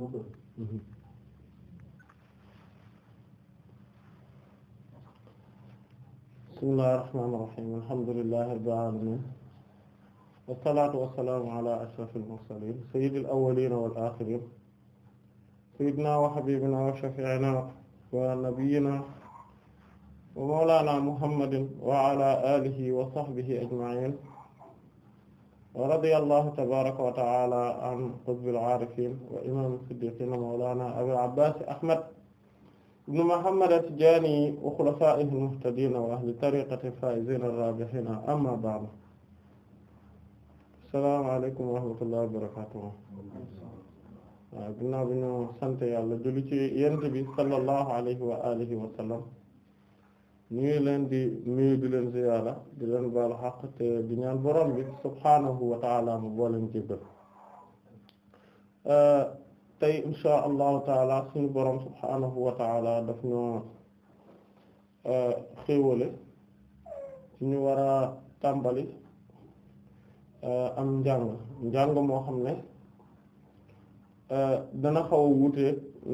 Mhm. bismillahir rahmanir rahim alhamdulillahi rabbil alamin wassalaatu wassalaamu ala ashrafil mursalin sayyidil awwalin wal akhirin sayyidina wa habibina wa shafi'ina wa nabiyyina wa mawlana muhammadin wa ala alihi wa sahbihi ajma'in radiyallahu tabaraka wa ta'ala an qutbil aarifin wa imam siddiqin mawlana abil abbas ahmad ibn muhammad at-tijani wa khulafaa'ihi al-muhtadin wa ahli tariqati faa'izin ar-rabihin amma ba'du assalamu alaykum wa rahmatullahi wa barakatuh ginnaaw bi ñu sant yàlla julli ci yonent bi sallallahu alayhi wa alihi wa sallam ñu ngi leen di nuyu di leen ziyaara di leen baalu xaq te di ñaan borom bi subhaanahu wa taala mu booleen jéggal tey insha allahu taala suñu borom subhaanahu wa taala daf ñoo xéewale ci ñu war a tàmbali am njàng njàng moo xam ne dana xaw a wuute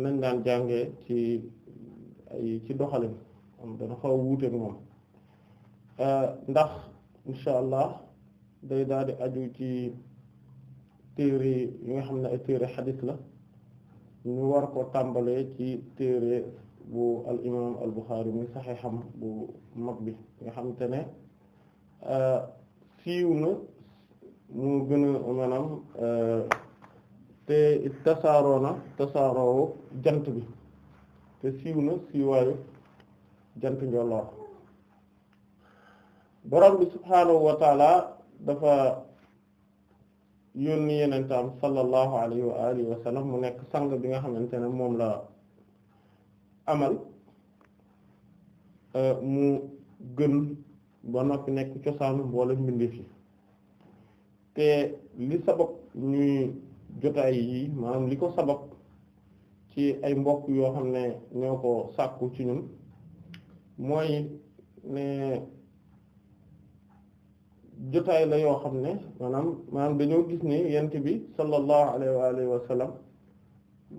nañ daan jàngee ci ay ci doxalin am dana xaw a wuuteeg moom euh, ndax insha allah day daal di aju ci téere yi nga xam ne ay téere xadis la ñu war ko tàmbalee ci téere bu al imam al Buxaari muy bu mag bi nga xam te ne euh, siiw na mu gën a maanaam euh, te tasaaroo na tasaaroowu jant bi te siiw na siiwaayu jant njolloor borom bi subhaanahu wa dafa yónni yenentaam sallallahu alayhi wa mu nekk sang bi nga xamante ne moom la amal euh, mu gën ba noppi nekk cosaanu mboola mbindeef fi te li sabab ñuy jotaay yi maanaam li ko sabab ci ay mbokk yoo xam ne ñoo ko sàkku ci ñun mooy ne jotaay la yoo xam ne maanaam maanaam dañoo gis ne yent bi sallallahu alayhi wa alihi wa sallam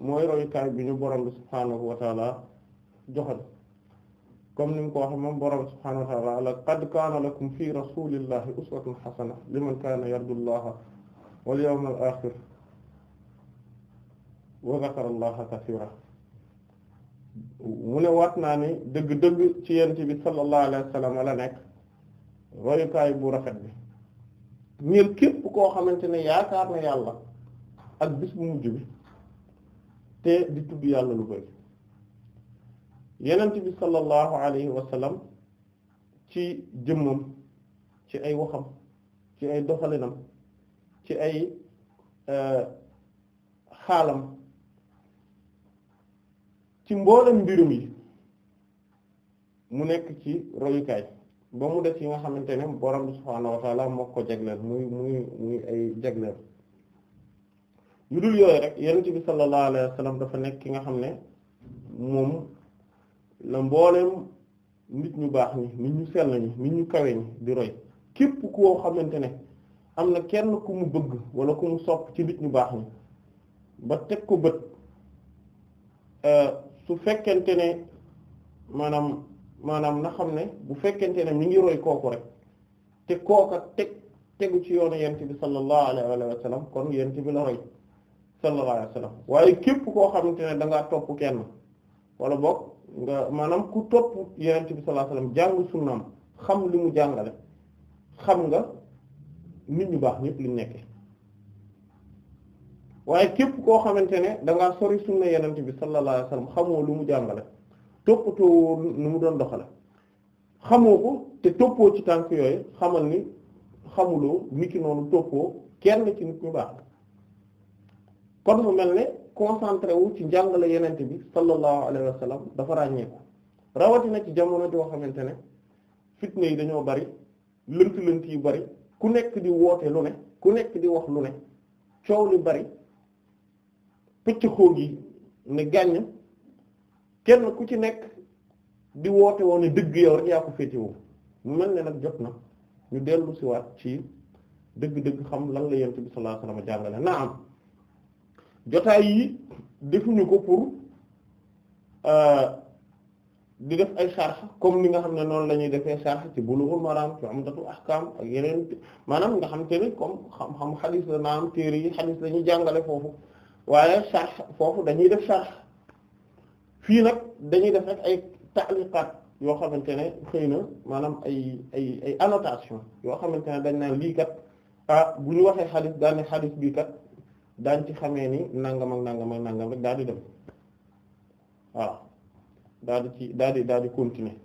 mooy royukaay bi ñu borom bi subhaanahu wa taala joxal comme ni mu ko waxee moom borom bi subhaanahu wa taala laqad kaana lakum fi rasulillahi uswatun hasana liman kaana yarju llaha wal yawmal axir wa zakara allaha kasiira mu ne waat naa ne dëgg-dëgg ci yent bi sallallahu alayhi wa sallam la nekk royukaay bu rafet bi ñeel képp koo xamante ne yaakaar na yàlla ak bis bu mujj bi te di tudd yàlla lu bari yenent bi sallallahu alayhi wa ci jëmmam ci ay waxam ci ay doxalinam ci ay euh, xaalam ci mboolem mbirum yi mu nekk ci royukaay ba mu def yi nga xamante ne borom bi subhaanahu wa taala moo ko jagleel muy muy muy ay jagleel yu dul yooyu rek yonent bi sallallahu alayhi wa dafa nekk ki nga xam ne moom la mboolem nit ñu baax ñi nit ñu sell nit ñu kawe ñi di roy képp koo xamante ne am na kenn ku mu bëgg wala ku mu sopp ci nit ñu baax ñi ba teg ko bët. Euh, su fekkente ne maanaam maanaam na xam ne bu fekkente ne mu ngi roy kooku rek te kooka teg tegu ci yoonu yent bi sallallahu alayhi wa sallam kon yent bi la roy sallallahu alayhi wa sallam waaye képp koo xamante ne da ngaa topp kenn wala boog nga maanaam ku topp yent bi sallallahu alayhi wa sallam jàng sunnaam xam li mu jàngale xam nga nit ñu baax ñëpp li mu nekke waaye képp koo xamante ne da ngaa sori sunna yenente bi sallallahu alayhi wasallam xamoo lu mu jàngale toppatoo nu mu doon doxale xamoo ko te toppoo ci tànk yooyu xamal ni xamuloo nit ki noonu toppoo kenn ci nit ñu baax kon mu mel ne concentré wu ci njàngale yenent bi sallallahu alayhi wasallam dafa ràññeeku rawatina ci jamono joo xamante ne fitna yi dañoo bari lënt-lënt yu bari ku nekk di woote lu ne ku nekk di wax lu ne coow li bari pëcc xoo gi ne gàññ kenn ku ci nekk di woote woon ne dëgg yow rek yaa ko féetewoo mel ne nag jot na ñu dellu si waat ci dëgg-dëgg xam lan la yonent bi sallallahu alayhi jàngale na am jotaay yi defuñu ko euh, di def ay charx comme ni nga xam ne noonu la ñuy defee charx ci Bulughul Maram ci Umdatul Ahkam ak yeneen maanaam nga xam te ne comme xam-xam xadiis la naam téere yi xadiis lañuy jàngale foofu waaye sarx foofu dañuy def sarx fii nag dañuy def rek ay ta'liqat yoo xamante ne xëy na maanaam ay ay ay annotation yoo xamante ne dañ naan lii kat ah bu ñu waxee xadis daan ne xadis bii kat daañ ci xamee ni nangam ak nangam ak daal di dem waaw daal di ci daal di daal di continuer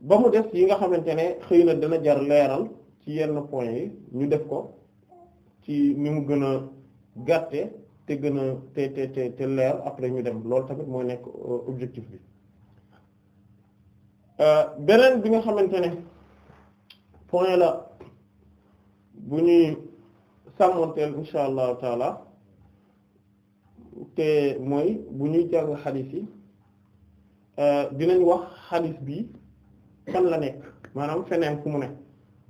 ba mu des yi nga xamante ne xëy na dana jar leeral ci yenn point yi ñu def ko ci ni mu gën a gàtte te gën a te te te leer après ñu dem loolu tamit mooy nekk euh, objectif bi euh, beneen bi nga xamante ne point la bu ñuy sàmmonteel insha allah taala te mooy bu ñuy jàng xadiis yi euh, dinañ wax xadiis bi fan la nekk maanaam feneen fu mu nekk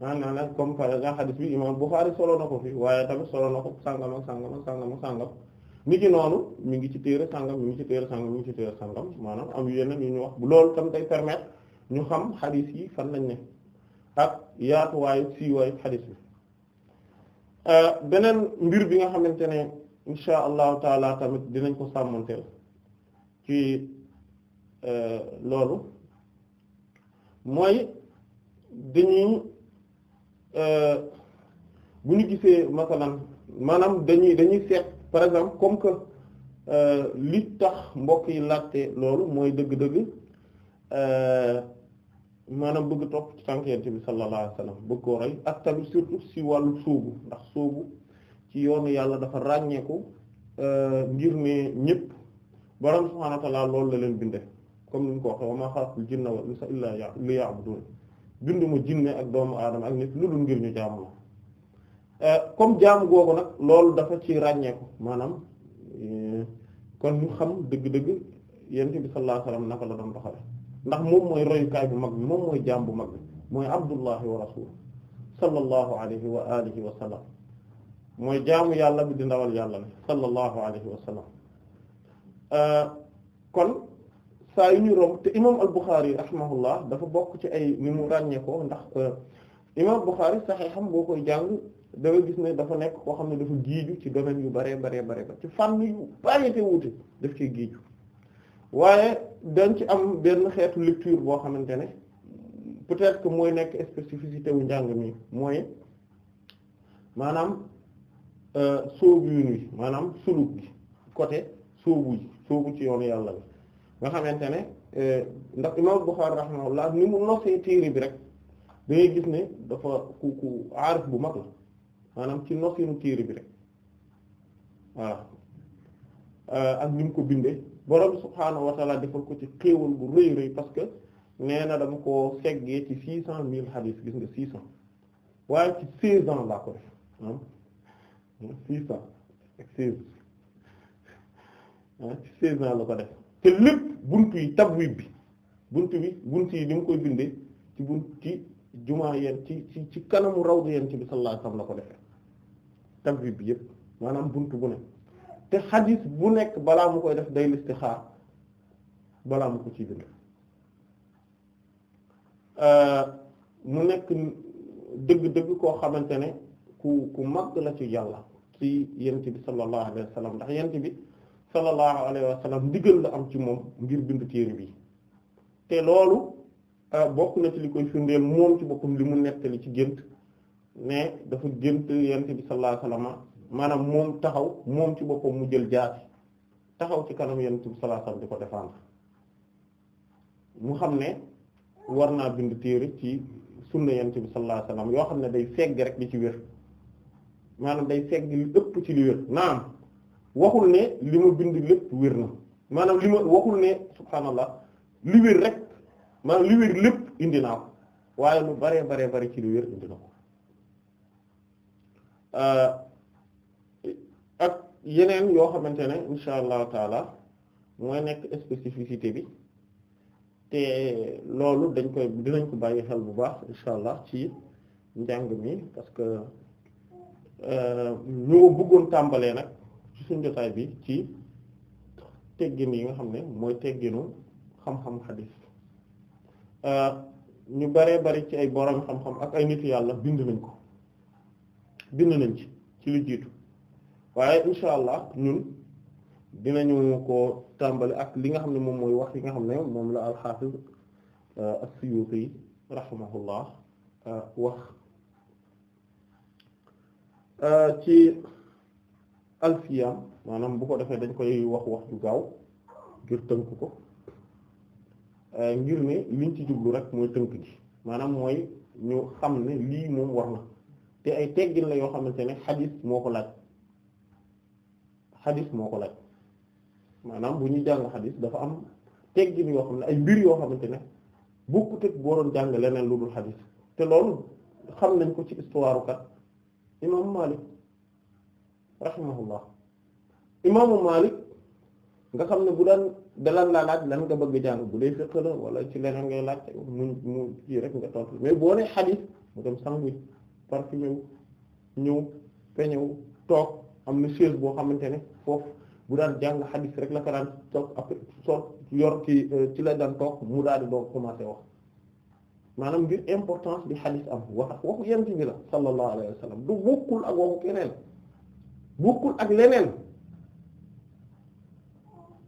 naa nag comme par exemple xadiis bi bu Bukhari solo na ko fi waaye tamit solo na ko sàngam ak sàngam ak sàngam ak sàngam nit ki noonu mi ngi ci téere sàngam mu ngi ci téere sàngam mi ngi ci téere sàngam maanaam am yeneen yu ñu wax loolu tam day permettre ñu xam xadis yi fan nañ ne ak yaatuwaayu siiwaayu xadis bi euh, beneen mbir bi nga xamante ne insha allahu taala tamit dinañ ko sàmmonteel ci euh, loolu mooy dañuy euh, bu ñu gisee masalan maanaam dañuy dañuy seet par exemple comme que euh, li tax mbokk yi laajte loolu mooy dëgg-dëgg euh, maanaam bëgg topp ci tànk yonent bi sallallahu alayhi wasallam bëgg koo rey ak tamit surtout si wàllu suubu ndax suubu ci yoonu yàlla dafa ràññeeku euh, ngir ne ñëpp borom subhaanahu wa ta'aala loolu la leen bindee comme ni ñu ko waxee wa maa xalaqtul jinna wal insa illaa liya'buduun bindu ma jinne ak doomu aadama ak nit lu dul ngir ñu jaamu Euh, comme jaamu googu nag loolu dafa ci ràññeeku maanaam euh, kon ñu xam dëgg-dëgg yonent bi sallallahu alayhi wasallam naka la doon doxale ndax moom mooy royukaay bu mag bi moom mooy jaam bu mag bi mooy abdullahi wa rasuluhu sallallahu alayhi wa alihi wa sallam mooy jaamu yàlla bi di ndawal yàlla la sallallahu alayhi wa sallam euh, kon saa yu ñu romb te imam al-Bukhari rahimahullah dafa bokk ci ay ni mu ràññeekoo ndax imam al-Bukhari saxiixam boo koy jàng da gis ne dafa nekk koo xam ne dafa giiju ci domaine yu baree baree bare ba ci fànn yu bari te wuute daf ci giiju waaye dañ ci am benn xeetu lecture boo xamante ne peut-être que mooy nekk spécificité wu njàng mi mooy maanaam euh, soobu yoon wi maanaam suluk bi côté soobu yi soobu ci yoon yàlla bi nga xamante ne euh, ndax imam Bukhari rahimahullah ni mu nosee téere bi rek da gis ne dafa ku ku aarif bu mag la maanaam ci nosinu téere bi rek voilà euh, ak ni mu ko bindee borom subhaanahu wa taala defal ko ci xéewal bu rëy rëy parce que nee na dama koo seggee ci six cent mille hadis gis nga six cent waaye ci seize ans laa la ko def te lépp buntu yi tabwib bi buntu bi buntu yi ni mu koy bindee ci buntu ci jumaa yeen ci ci ci kanamu rawdu yeen ci bi sallallahu alayhi wasallam la ko defee tabib bi yëpp maanaam bunt bu nekk te xadis bu nekk balaa mu koy def day listixaar balaa mu ko ci bind euh, mu nekk dëgg-dëgg koo xamante ne ku ku mag la ci yàlla ci yent bi sallallahu alayhi wa sallam ndax yent bi sallallahu alayhi wa sallam la am ci moom ngir bind téere bi te loolu euh, bokk na ci li koy firndeel moom ci boppam li mu nettali ci gént ne dafa gént yonent bi sallallahu alayhi maanaam moom taxaw moom ci boppam mu jël jaasi taxaw ci kanam yonent bi sallallahu alayhi ko défendre mu xam ne war naa bind téere ci sunna yonent bi sallallahu yoo xam ne day segg rek li ci wér maanaam day segg li ëpp ci li wér naam waxul ne li ma bind lépp wér na maanaam li ma waxul ne subhaanallah li wér rek maanaam li wér lépp indi naa ko waaye lu bare bare bare ci li wér indi na ko Euh, ak yeneen yoo xamante ne insha allah taala mooy nekk spécificité bi te loolu dañ koy dinañ ko bàyyi xel bu baax insha allah ci njàng mi parce que euh, ñoo bëggoon tàmbalee nag ci suñ jotaay bi ci teggin yi nga xam ne mooy tegginu xam-xam xadiis euh, ñu baree bari ci ay borom xam-xam ak ay nit yàlla bind nañ ko bind nañ ci ci lu jiitu waaye insha allah ñun dinañu ko tàmbali ak li nga xam ne moom mooy wax yi nga xam ne moom la alxaafiz euh, as-Suyuti rahimahullah euh, wax euh, ci alfiyam maanaam bu ko defee dañ koy wax wax ju gaaw ngir tënk ko ngir ne liñ ci jublu rek mooy tënk gi maanaam mooy ñu xam ne lii moom war na te ay la yoo xamante ne xadis moo ko laaj xadis moo ko laaj maanaam bu ñuy jàng xadis dafa am teggin yoo xam ne ay mbir yoo xamante ne bokkut ak boo doon jàng leneen lu dul xadis te loolu xam nañ ko ci histoire kat imaamu Malik rahimahullah imaamu Malik nga xam ne bu daan dalan laa laaj lan nga bëgg jàng bu dee fiqh la ci leneen ngay laaj mu mu ci rek nga tontu mais boo nee xadis mu dem sanguñ parce que ñëw peñew toog am na chaise boo xamante ne foofu bu daan jàng xadis rek la fa daan toog après yor ci euh, ci la daan toog mu daal di doog commencé wax maanaam ngir importance bi xadis am wax waxu yent bi la sallallahu alayhi wa sallam du bokkul ak waxu keneen bokkul ak leneen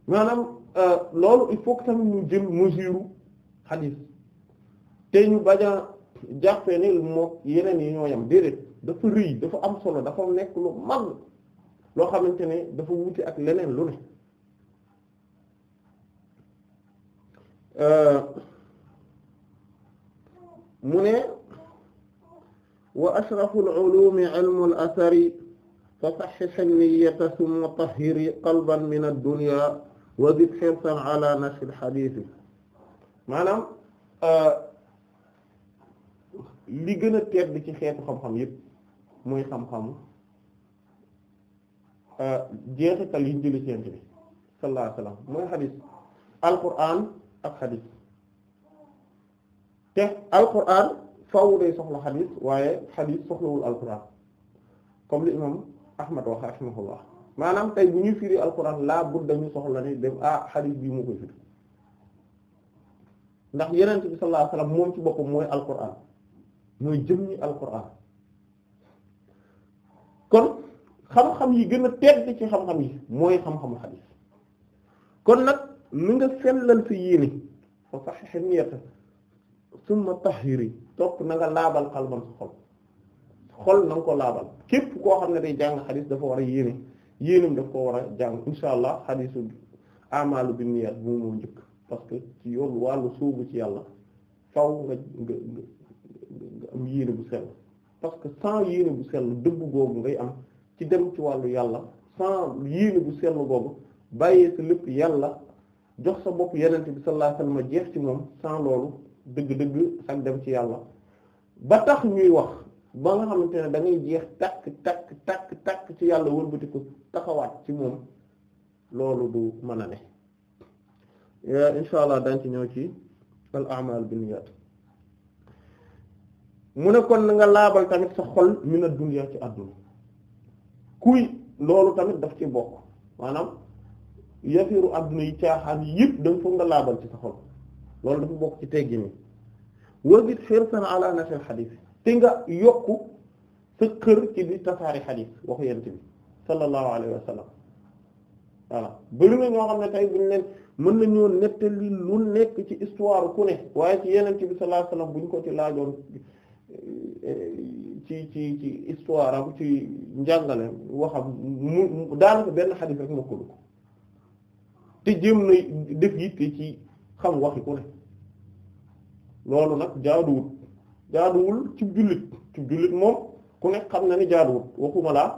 maanaam euh, loolu il faut que tamit ñu jël mesure xadis te ñu bañ jàppee ni moom yeneen yi ñoo yam déedéet dafa rëy dafa am solo dafa nekk lu mag loo xamante ne dafa wuute ak leneen lu ne euh, mu ne wa ashrafu al-ulumi ilmu al fa sahhih an-niyyata thumma tahhir qalban min ad wa zid hirsan ala nashr al-hadith euh, li gën a tedd ci xeetu xam-xam yépp muy xam-xamu euh, jeexital yi ñu jëlee ci Yonent bi sallallahu alayhi wasallam mooy xadis Alqur'an ak xadis te Alqur'an faaw day soxla xadis waaye xadis soxlawul Alqur'an comme li imam Ahmad wax rahimahullah maanaam tey bu ñuy firi Alqur'an laa bud dañu soxla ni dem ah xadis bii moo koy firi ndax Yonent bi sallallahu alayhi wasallam moom ci boppam mooy Alqur'an. ñooy jëmmi alquran kon xam-xam yi gën a tedd ci xam-xam yi mooy xam-xamu xadiis kon nag lu nga sellal sa yéene fa sahih niyyata summa tahiri topp na nga laabal xalban sa xol xol na nga ko laabal képp koo xam ne day jàng xadiis dafa war a yéene yéenam daf ko war a jàng insha allah xadiisu amaalu bin niyyat bu moo njëkk parce que ci yoon wàllu suubu ci yàlla faw nga am yéene bu sell parce que sans yéene bu sell dëgg googu ngay am ci dem ci wàllu yàlla sans yéene bu sell googu bàyyee sa lépp yàlla jox sa bopp yenente bi sallallahu alayhi ma jeex ci moom sans loolu dëgg-dëgg ak dem ci yàlla ba tax ñuy wax ba nga xamante ne da ngay jeex takk takk takk takk ci yàlla wëlbati ko taxawaat ci moom loolu du mën a ne insha allah dañ ci ñëw ci al a'mal bin niyyat mu ne kon nga laabal tamit sa xol mina dunya ci àdduna kuy loolu tamit daf ci bokk maanaam yafiru àdduna yi caaxaan yëpp da nga nga laabal ci sa xol loolu dafa bokk ci teggi mi wazid hirsan ala nashil hadith te nga yokk sa kër ci di tasaari hadith waxu yent bi sallallahu alayhi wa sallam voilà bëri ñoo xam ne tey buñu leen mën nañoo nettali lu nekk ci histoire ku ne waaye ci yeneen bi sallallahu alayhi buñ ko ci laajoon ci ci ci histoire am ci njàngale waxam mu daanaka benn xadis rek mokkalu ko te jéem na def yitte ci xam waxi ku ne loolu nag jaaduwul jaaduwul ci jullit ci jullit moom ku ne xam na ni jaaduwul waxuma laa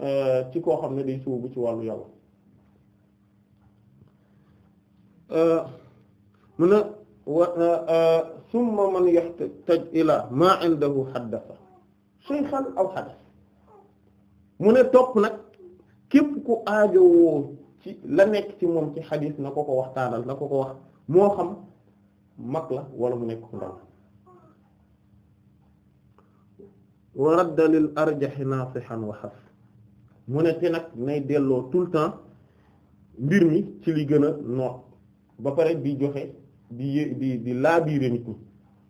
euh, ci koo xam ne day sóobu ci wàllu yàlla euh, mun na wa euh, summa man yahtaj ila ma indahu aw hadas mu ne topp nag képp ku aajowoo ci la nekk ci moom ci xadis na ko ko waxtaanal na ko ko wax moo xam mag la wala mu nekk ndaw wa radda mu ne te nag nay delloo tout le temps mbir mi ci li gën a noot ba pare bi joxe di yé di di laabiire nit ñi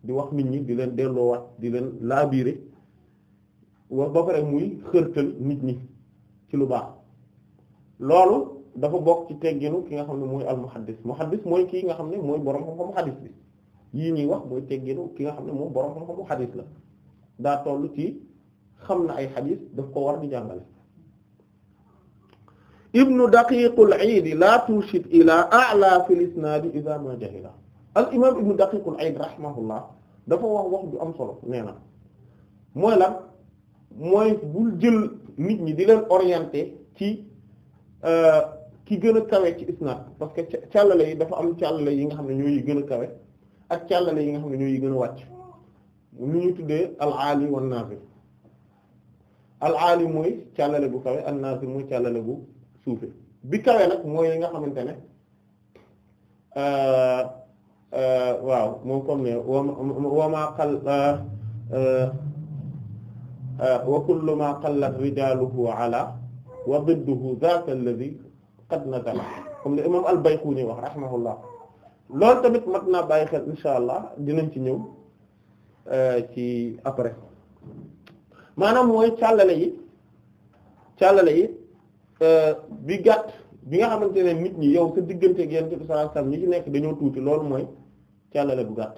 di wax nit ñi di leen delloowaat di leen laabiire wax ba pare muy xërtal nit ñi ci lu baax loolu dafa bokk ci tegginu ki nga xam ne mooy almuhaddis muhaddis mooy kii nga xam ne mooy boroom xam bi yii ñuy wax mooy tegginu ki nga xam ne moom boroom xam-xamu xadis la daa toll ci xam na ay xadis daf ko war di jàngale ibnu daqiqul iidi la tushid ila a'la fil isnadi idha ma jahila al imam ibnu daqiqul ayd rahimahullah dafa wax wax ju am solo nee na mooy lan mooy bul jël nit ñi di leen orienté ci euh, ki gën a kawe ci isnaad parce que càllale yi dafa am càllale yi nga xam ne ñoo yi gën a kawe ak càllale yi nga xam ne ñoo yi gën a wàcc lu ñu tuddee al aali wan al aali mooy càllale bu kawe an naazir mooy càllale bu suufe bi kawe nag mooy nga xamante ne euh, Euh, waaw moom comme ne wama qal wa kullu ma qallat rijaluhu ala wa didduhu dhaka alladhi qad nazala comme ne imam al-Bayquni wax rahimahullah loolu tamit mat naa bàyyi xel insha allah dinañ ci ñëw euh, ci après maanaam mooy càllale yi càllale yi euh, bi gàtt bi nga xamante ne nit ñi yow sa diggante ak yonent bi sallallahu alayhi wasallam ñi ci nekk dañoo tuuti loolu mooy càllale bu gàtt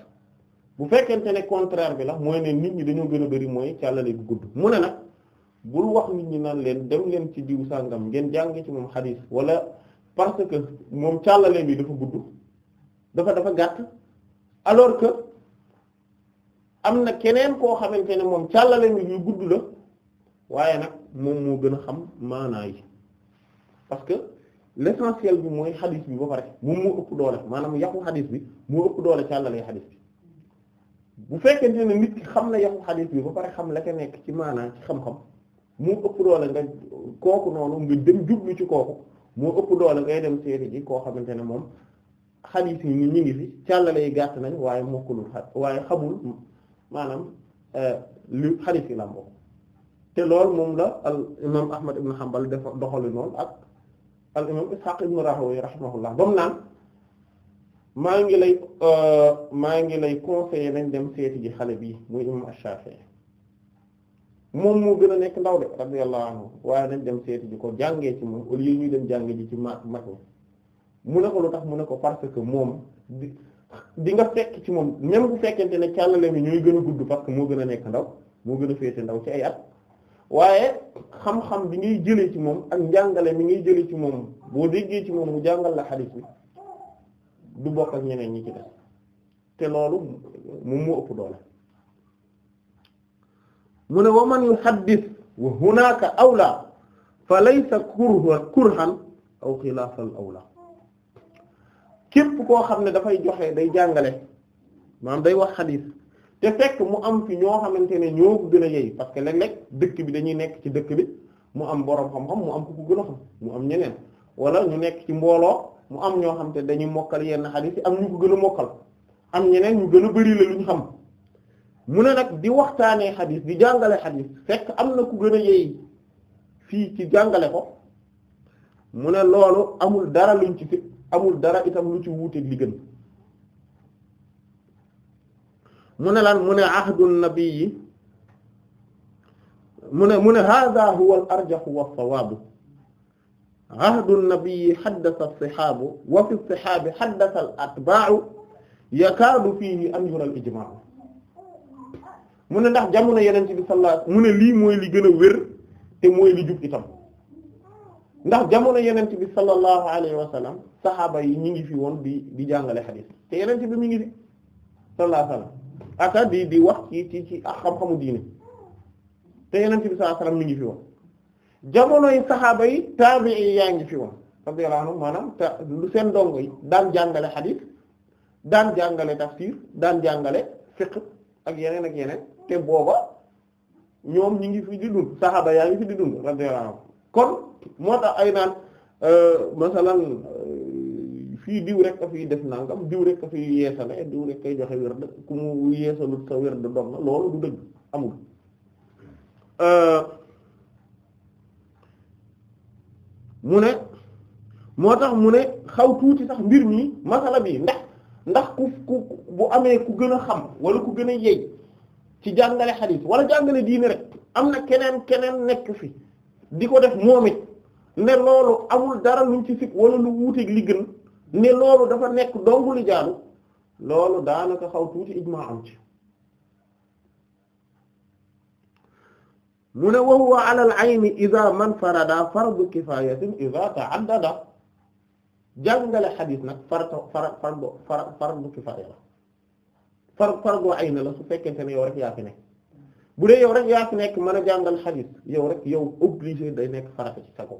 bu fekkente ne contraire bi la mooy ne nit ñi dañoo gën a bari mooy càllale bu gudd mu ne nag bul wax nit ñi naan leen dem leen ci diw sàngam ngeen jàng ci moom xadiis wala parce que moom càllale bi dafa gudd dafa dafa gàtt alors que am na keneen koo xamante ne moom càllale bi yu gudd la waaye nag moom moo gën a xam maanaa yi l'essentiel bi mooy xadis bi ba pare moom moo ëpp doole maanaam yàqu xadis bi moo ëpp doole càllale xadis bi bu fekkente ne nit xam na yàqu xadis bi ba pare xam la ka nekk ci maanaam ci xam-xam mu ëpp doole nga kooku noonu nga dem jublu ci kooku moo ëpp doole ngay dem seeti ji koo xamante ne moom xadis yi ñu ngi fi càllale yi gàtt nañ waaye mokkulul xa waaye xamul maanaam euh, li xadis yi làmboo te loolu moom la al imam Ahmad ibn Hanbal dafa doxali noonu ak al imam Ishaq ibn Rahawayh rahimahullah ba mu naan maa ngi lay euh, maa ngi lay conseiller dañ dem seeti ji xale bii muy imam Ash-Shafi'i moom moo gën a nekk ndaw de radiyallahu anhu waaye dañ dem seeti ji ko jàngee ci moom au lieu ñuy dem jàngee ji ci ma mag mi mu ne ko lu tax mu ne ko parce que moom di di nga fekk ci moom même bu fekkente ne càllale mi ñooy gën a gudd park que moo gën a nekk ndaw moo gën a féete ndaw ci ay at waaye xam-xam bi ngay jëlee ci moom ak njàngale mi ngay jëlee ci moom boo déggee ci moom mu jàngal la xadiis bi du bokk ak ñeneen ñi ci def te loolu moom moo ëpp doole mu ne wa man yuhaddis wa hunaaka awla fa laysa kurhan aw xilaafal awla képp koo xam ne dafay joxe day jàngale maanaam day wax xadiis te fekk mu am fi ñoo xamante ne ñoo ko gën a yey parce que léeg-léeg dëkk bi dañuy nekk ci dëkk bi mu am boroom xam-xam mu am ku ko gën a xam mu am ñeneen wala ñu nekk ci mbooloo mu am ñoo xam te dañuy mokkal yenn xadiis yi am ñu ko gën a mokkal am ñeneen ñu gën a bari la lu ñu xam mu ne nag di waxtaanee xadiis di jàngale xadiis fekk am na ku gën a yey fii ci jàngale ko mu ne loolu amul dara luñ ci fit amul dara itam lu ci wuuteeg li gën mu ne lan mu ne ahdu nabiyyi mu ne mu ne hadha huwa al arjahu wa sawaabu ahdu nabiyyi haddasa as-sihaabu wa fi as-sihaabi haddasa al atbaa'u yakaadu fiihi an yura al ijmaa' mu ne ndax jamono yeneen ci bi sallallahu mu ne lii mooy li gën a wér te mooy li jub itam ndax jamono yenent bi sallallahu alayhi wa sallam saxaaba yi ñu ngi fi woon di di jàngale xadiis te yenent bi mu ngi fi sallallahu alayhi wa sallam ata di di wax ci ci ci ak xam-xamu diine te yeneen ci bi sallallahu saxaaba yi taabii yaa ngi fi woon radiyallahu anhum maanaam te lu seen dongo yi daan jàngale hadith daan jàngale tafsir daan jàngale fiqh ak yeneen ak yeneen te booba ñoom ñi ngi fi di dund saxaaba yaa ngi fi di dund radiyallahu anhum kon moo tax ay naan euh, masalan fii diw rek a fiy def nangam diw rek a fiy yeesale diw rek kay joxe ku mu yeesalut sa wird doom na loolu du dëgg amul mu ne moo tax mu ne xaw tuuti sax mbir mi masala bi ndax ndax ku ku bu amee ku gën a xam wala ku gën a yey ci jàngale xadiis wala jàngale diine rek am na keneen keneen nekk fi di ko def moom it ne loolu amul dara luñ ci sikk wala lu wuuteeg li gën ne loolu dafa nekk dong li jaadu loolu daanaka xaw tuuti ijmaa am ci mu ne wa huwa ala al ayni idha man farada fardu kifayatin idha ta'addada jàngale xadis nag farata fara fardu fara fardu kifaaya la far ayni la su fekkente ne yow rek yaa fi nekk bu dee yow rek yaa nekk mën a jàngal xadis yow rek yow obligé day nekk farata ci sa kaw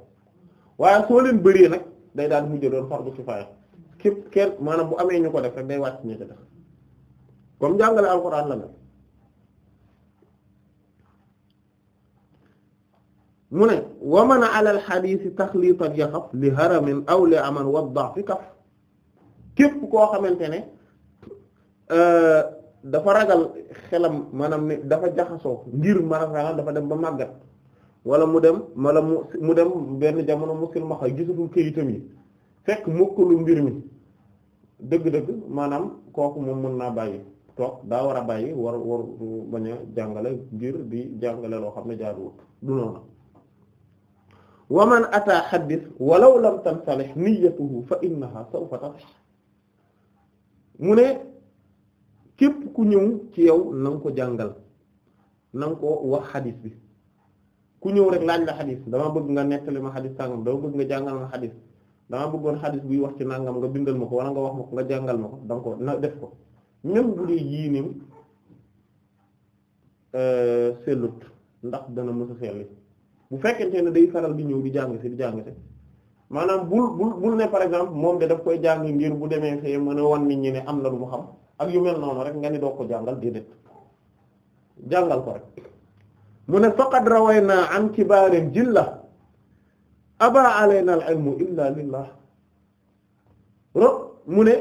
waaye soo leen bëree day daal mujj doon fardu kifaaya képp kenn maanaam bu amee ñu ko def rek day wàcc ñu ko def comme jàngale alxuraan la nag mu ne wa man ala al xadiis taxliitan yaxaf li haramin aw li aman wadda fi kaf képp koo xamante ne euh, dafa ragal xelam maanaam ne dafa jaxasoo ngir maanaam dafa dem ba màggat wala mu dem wala mu mu dem benn jamono muskil ma xay gisatul këyitam yi fekk mokkalu mbir mi dëgg-dëgg maanaam kooku moom mën naa bàyyi toog daa war a bàyyi war war bañ a jàngale ngir di jàngale loo xam ne jaaduwut du noonu wax man ata xaddis walaw lam tansalih niyyatuhu fa innaha sawfa tasih mu ne képp ku ñëw ci yow na nga ko jàngal nan nga ko wax xadis bi ku ñëw rek laaj la xadis dama bëgg nga nettali ma xadis sàngam dama bëgg nga jàngal ma xadis dama bëggoon xadis buy wax ci nangam nga bindal ma ko wala nga wax ma ko nga jàngal ma ko donc na def ko même bu dee yiinim euh, sellut ndax dana mës a selli bu fekkente ne day faral di ñëw di jàng si di jàng maanaam bul ne par exemple moom de daf koy jàng ngir bu demee fee mën a wan ñi ne am na mu xam ak yu mel noonu rek nga ni doo ko jàngal déedéet jàngal ko rek mu ne faqad rawaynaa an kibaarin jilla aba alayna al ilmu illa lillah ro mu ne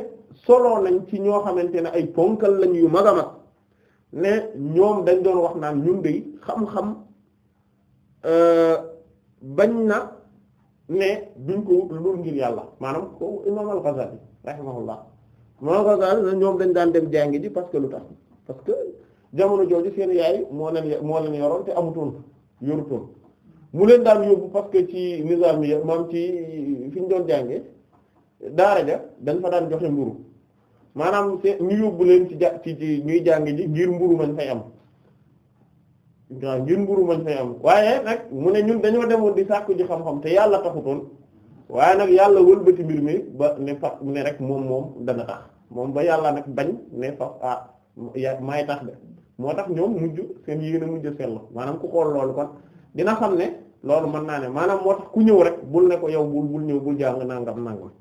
solo nañ ci ñoo xamante ne ay ponkal lañ yu mag a ne ñoom dañ doon wax naan ñun de xam-xam euh, bañ na ne duñ ko wut lu ngir yàlla maanaam ko imam al-Ghazali rahimahullah imam al ñoom dañ daan dem jàngi ji parce que lu tax parce que jamono jooju seen yaay moo leen moo leen yoroon te amutoon yorutoon mu leen daan yóbbu parce que ci nizaam yi maam ci fi ñu doon jànge daara ja dañ fa daan joxe mburu maanaam ñu yóbbu leen ci ja ci ñuy jàng ji ngir mburu mañ fay am waaw ngir mburu mañ fay waaye nag mu ne ñun dañoo demoon di sàkku ji xam-xam te yàlla taxutoon waaye nag yàlla wëlbati mbir mi ba ne fa ne rek moom moom dana tax moom ba yàlla nag bañ ne fa ah maay tax de moo tax ñoom mujj seen yéene mujj sell maanaam ku xool loolu kon dina xam ne loolu mën naa ne maanaam moo tax ku ñëw rek bul ne ko yow bul bul ñëw bul jàng nangam nangam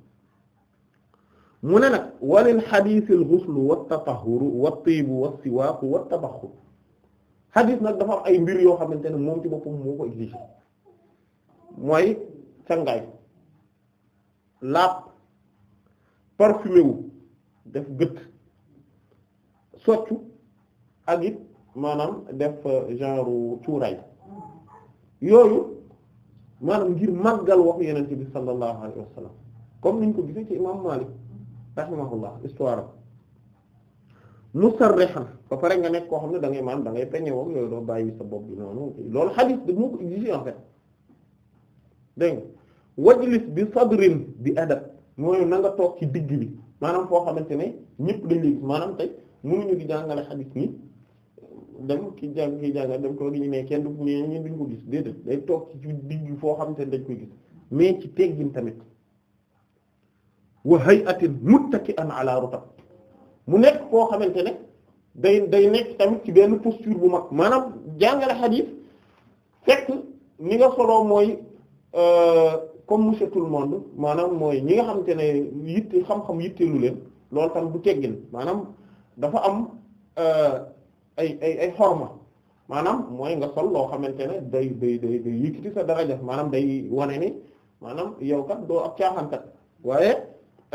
mu ne nag walil xadiisil xuslu wa tatahuru wa tiibu wa siwaaku wa tabaxur xadiis nag dafa ay mbir yoo xamante ne moom ci boppam moo ko exigé mooy sangaay laab parfumé def gët soccu ak it maanaam def genre cuuraay yooyu maanaam ngir màggal wax yenente bi sallallahu alayhi wa sallam comme niñ ko gisee ci imam Malik rahimahullah histoire xam ba pare nga nekk koo xam ne da ngay maanaam da ngay peñe woog yooyu doo bàyyi sa bopp bi noonu loolu hadith da moo ko exigé en fait dégg nga wajlis bi sadrin bi adab mooy na nga toog ci digg bi maanaam foo xamante ne ñëpp dañ lay maanaam tey mënuñu di jàngale hadith ni dem ki jàng ki jàng dem ko gi ñu ne kenn du ñu ñun duñ ko gis déedéet day toog ci digg foo xam te ne dañ koy gis mais ci teggin tamit wa hay'atin muttaki'an ala rutab mu nekk koo xamante ne day day nekk tamit ci benn posture bu mag maanaam jàngale hadith fekk ni nga solo mooy euh, comme monsieur tout le monde maanaam mooy ñi nga xamante ne yitte xam-xam yitteelu leen loolu tamit bu teggin maanaam dafa am. Euh, ay ay ay xorma maanaam mooy nga sol loo xamante ne day day day day yëkkati sa daraja maanaam day wane ni maanaam yow kat doo ab caaxaankat waaye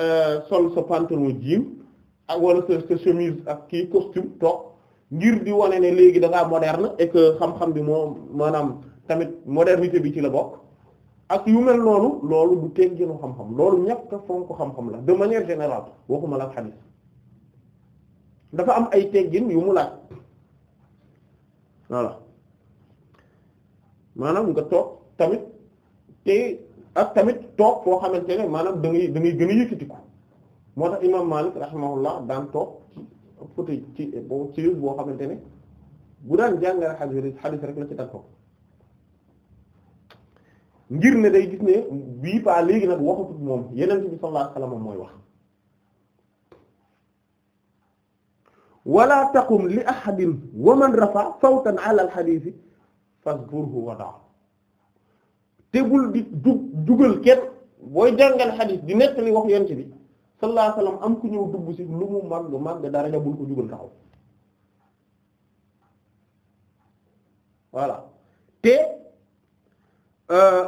euh, sol sa pantalon jean ak wala sa sa chemise ak kii costume toog ngir di wane ne léegi da ngaa moderne et que xam-xam bi moom maanaam tamit modernité bi ci la bokk ak yu mel noonu loolu du tegginu xam-xam loolu ñàkk fonk xam-xam la de manière générale waxuma la xadis dafa am ay teggin yu mu laaj voilà maanaam nga toog tamit te ak tamit toog foo xamante ne maanaam da ngay da ngay gën a yëkkatiku moo tax imam Malik rahimahullah daan toog ci ci ci boo xamante ne bu daan jàngar hadith hadith rek la ci daan toog ngir ne day gis ne bii paa léegi nag waxatut moom yeneen bi sallallahu alayhi wasallam mooy wax wala taqum li ahadin wa man rafa sawtan ala al hadith fasburhu wa te bul di dugal kenn booy jàngal hadith di nettali wax yonent bi sallallahu alayhi am ku ñëw dugg ci lu mu màgg màgg daraja bul ko jugal taxaw voilà te euh,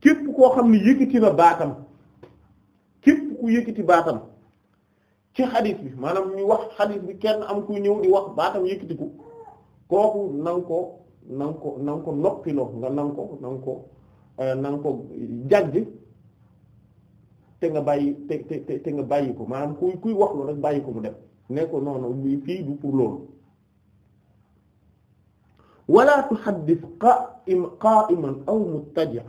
képp koo xam ne yëkkati na baatam képp ku yëkkati baatam ci xadis bi maanaam ñu wax xadis bi kenn am ku ñëw di wax baatam yëkkatiku kooku na ko na ko na nga ko nga na nga ko euh, na te nga bàyyi te te te nga bàyyi ko maanaam kuy kuy wax loolu rek bàyyi ko mu dem ne ko non non fii du pour loolu wala tuhaddith qa'im qa'iman aw muttaji'an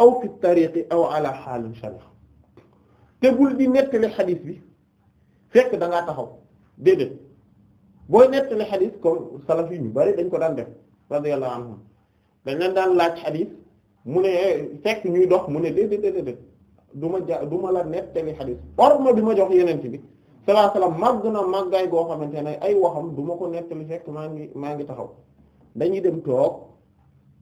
aw fi tariqi aw ala xaalin shalla te bul di nettali xadis bi fekk da ngaa taxaw déedéet booy nettali xadis comme salaf yu bari dañ ko daan def radiyallahu anhum dañ leen daan laaj xadis mu ne fekk ñuy dox mu ne déedéet déedéet du ma ja du ma la nettali xadis orma bi ma jox yeneen bi sallallahu alayhi wasallam màgg na màggaay goo xamante ne ay waxam duma ma ko nettali fekk maa ngi maa ngi taxaw dañuy dem toog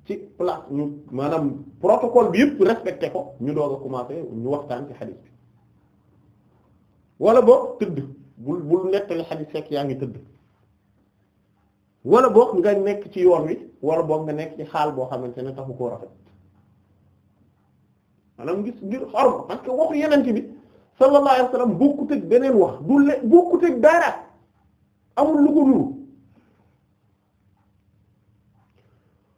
ci place ñu maanaam protocole bi yëpp respecté ko ñu doog a commencé ñu waxtaan ci xadis wala boog tëdd bul bul nettali xadiis fekk yaa ngi tëdd wala boog nga nekk ci yoon wi wala boog nga nekk ci xaal boo xamante ne taxu koo rafet maanaam gis ngir xorma parce que waxu yeneen ci bi sallallahu alayhi wasallam bokkut ak beneen wax du le bokkut ak dara amul lu ko nuru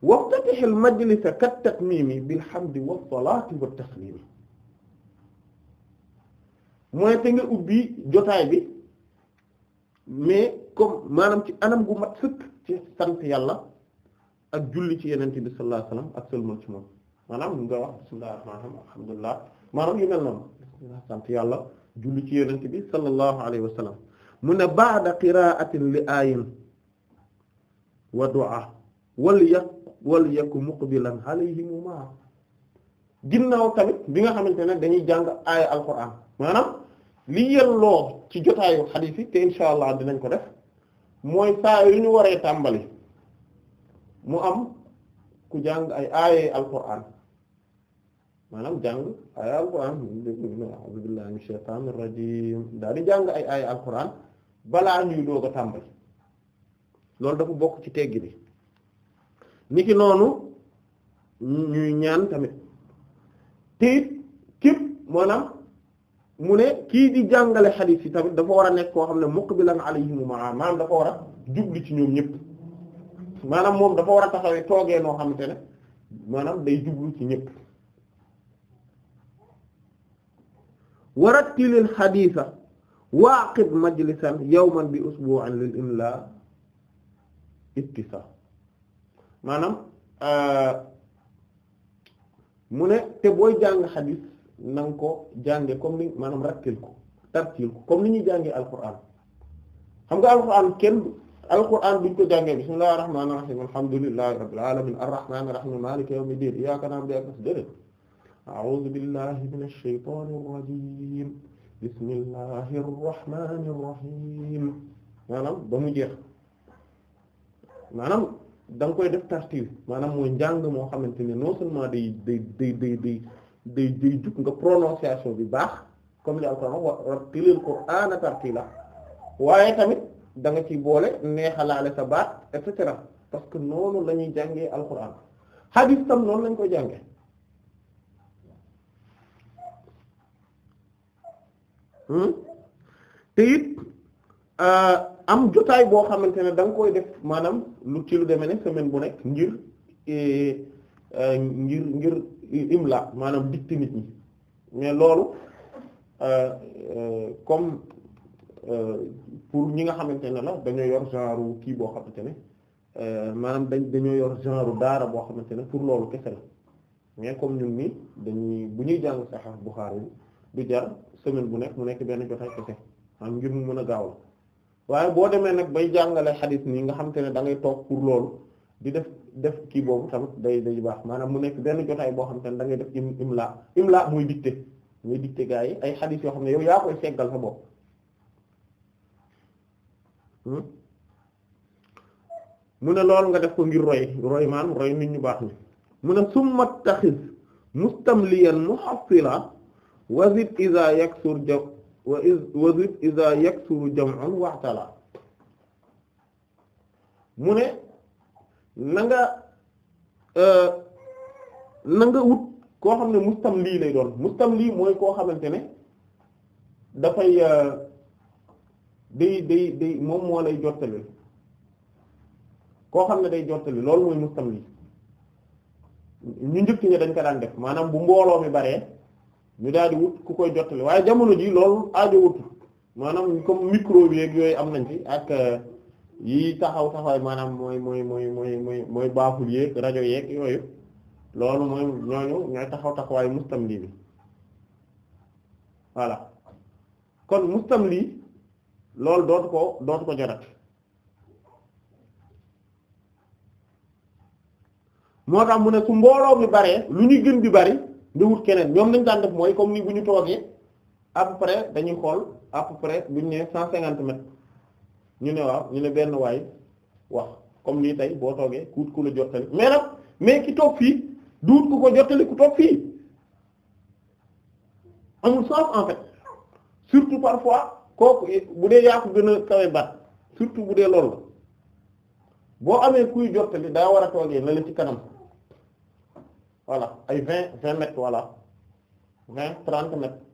waftatihil majlisa kat tatmimi bil hamdi was salati wat taslimi mooy te nga ubbi jotaay bi mais comme maanaam ci anam gu mat sëkk ci sant yàlla ak julli ci yenente bi sallallahu alayhi wasallam ak sëlmal ci moom maanaam lu nga wax bismillahir rahmanir alhamdulillah maanaam yu mel noonu sant yàlla julli ci yenente bi sallallahu alayhi wasallam mu ne baad qira'atin li ayin wa du'a wal yaq wal yaqu muqbilan alayhim ma ginnaaw tamit bi nga xamante ne dañuy jàng aaya alquran maanaam li yelloo ci jotaayu xadiis te insha allah dinañ ko def mooy saa yu ñu waree tàmbali mu am ku jàng ay aaye alquran maanaam jàng ay alquran a'uuzu billahi minash daal di jàng ay aaye alquran balaa ñuy doog a tàmbali loolu dafa bokk ci teggi bi niki noonu ñuy ñaan tamit te it maanaam. mu ne kii di jàngale xadiis yi tamit dafa war a nekk koo xam ne muqbilan alayhim maanaam dafa war a jubli ci ñoom ñëpp maanaam moom dafa war a taxawee toogee noo xamante ne maanaam day jublu ci war a warattilil xadiisa waaqid majlisan yawman bi usbu'an lil imla ittisa maanaam euh, mu ne te booy jàng xadiis na nga ko jànge comme ni maanaam rattil ko tartil ko comme ni ñuy jàngee alquran xam nga alquran kenn alquran buñ ko jàngee bismillahir rahmanir rahim alhamdulillahi rabbil alamin arrahmanir rahim maliki yawmiddin iyyaka na'budu wa iyyaka nasta'in a'udhu billahi minash shaytanir ba mu jeex maanaam da nga koy def tartil maanaam mooy njàng moo xamante ne non seulement day day day day jug nga prononciation bi baax comme li alquran wa rattilil waaye tamit danga nga ci boole neexalaale sa baat et cetera parce que noonu la ñuy jàngee alquran hadith tam noonu lañ koy jànge hmm? te it euh, am jotaay boo xamante ne da koy def maanaam lu ci lu demee ne semaine bu nekk ngir eh, euh, ngir ngir imla maanaam dicté nit ñi mais loolu euh, euh, comme euh, pour ñi nga xamante ne la dañoo yor genre kii boo xamante ne maanaam dañ dañoo yor genre daara boo xamante ne pour loolu kese la mais comme ñun nii dañuy bu ñuy jàng Sahih Bukhari bi du jar semaine bu nekk mu nekk benn jotaay kese am ngir mu mën a gaaw la waaye boo demee nag bay jàngale xadis nii nga xamante ne da ngay toog pour loolu di def def kii boobu tamit day day baax maanaam mu ne nekk benn jotaay boo xam te ne da ngay def imla imla muy dicté muy dicté gaa yi ay xadis yoo xam ne yow yaa koy seggal sa bopp hmm? mu ne loolu nga def ko ngir roy roy maanaam roy nit ñu baax ni mu ne summa taxis mustamliyan muhassila wazid iza yaksur jam wazid iza yaksuru jam'un waxtala mu ne na nga euh, na nga wut koo xam ne mustam lii lay doon mustam lii mooy koo xamante ne dafay euh, day day day moom moo lay jottali koo xam ne day jottali loolu mooy mustam lii ñu njëkk ñi dañ ko daan def maanaam bu mbooloo mi baree ñu daal di wut ku koy jottali waaye jamono ji loolu aajo wutul maanaam comme micro bi yooyu am nañ ci ak euh, yi taxaw taxawaay maanaam mooy mooy mooy mooy mooy mooy baaful yeeg rajo yeeg yooyu loolu mooy ñooñu ñooy taxaw taxawaayu mustamli bi voilà kon mustamli loolu dootu ko dootu ko jarat moo tax mu ne su mbooloo mi baree lu ñuy gën di bari nga keneen ñoom lañ daan def mooy comme ni bu ñu toogee à dañuy xool à peu près bu ñu nee cent cinquante mètres ñu ne waaw ñu ne benn waay wax comme nii tey boo toogee ku ku la jottali mais nag mais ki toog fii du wut ku ko jottali ku toog fii amul sens en surtout parfois kooku eh, bu dee yaa ko gën a kawe baat surtout bu dee loolu boo amee kuy jottali daa war a toogee na la ci kanam voilà ay vingt vingt mètres voilà vingt trente mètres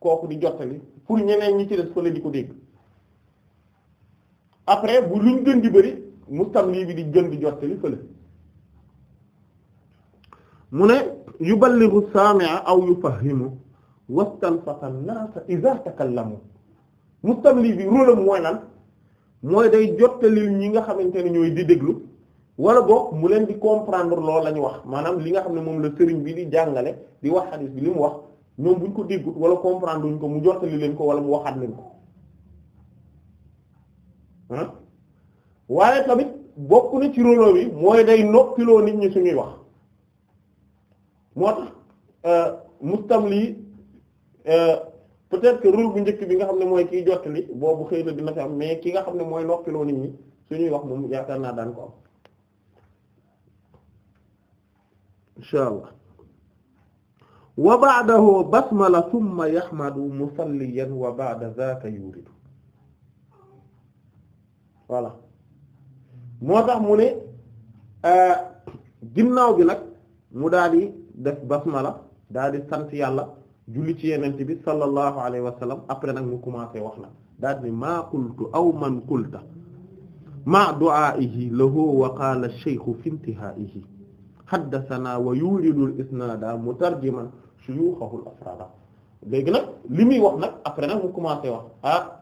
kooku di jottali pour ñeneen ñi ci des fële di ko dégg après bu luñ gën di bëri mu lii bi di gën di jottali fële mu ne yuballighu sami'a aw pax yufahimu wastanfata an-nasa mu takallamu lii bi rôlam mooy lan mooy day jottali ñi nga xamante ne ñooy di déglu wala boog mu leen di comprendre loolu la ñu wax maanaam li nga xam ne moom la sëriñ bi di jàngale di wax xadiis bi li mu wax ñoom buñ ko déggut wala comprendre ñu ko mu jottali leen ko wala mu waxaat leen ko ah waaye tamit bokk na ci rôle bi mooy day noppiloo nit ñi suñuy wax moo tax euh, lii euh, peut-être que rôle bu njëkk bi nga xam ne mooy kiy jottali boobu xëy na dina fi am mais ki nga xam ne mooy noppiloo nit ñi suñuy wax moom yaakaar naa daan ko am insha allah wa ba'dahu basmala thumma yahmadu musalliyan wa ba'da zaaka yuridu voilà moo tax mu ne euh, ginnaaw bi nag mu daal di def basmala daal di sant yàlla julli ci yenent bi sallallahu alayhi wa sallam après nag mu commencé wax na daal di ne maa qultu aw man qulta ma du'aa'ihi lahu wa qaala ash-shaykhu fi intihaa'ihi haddathana wa yuridu al-isnaada mutarjiman shuyuuxahu al-afraada léegi nag li muy wax nag après nag mu commencé wax ah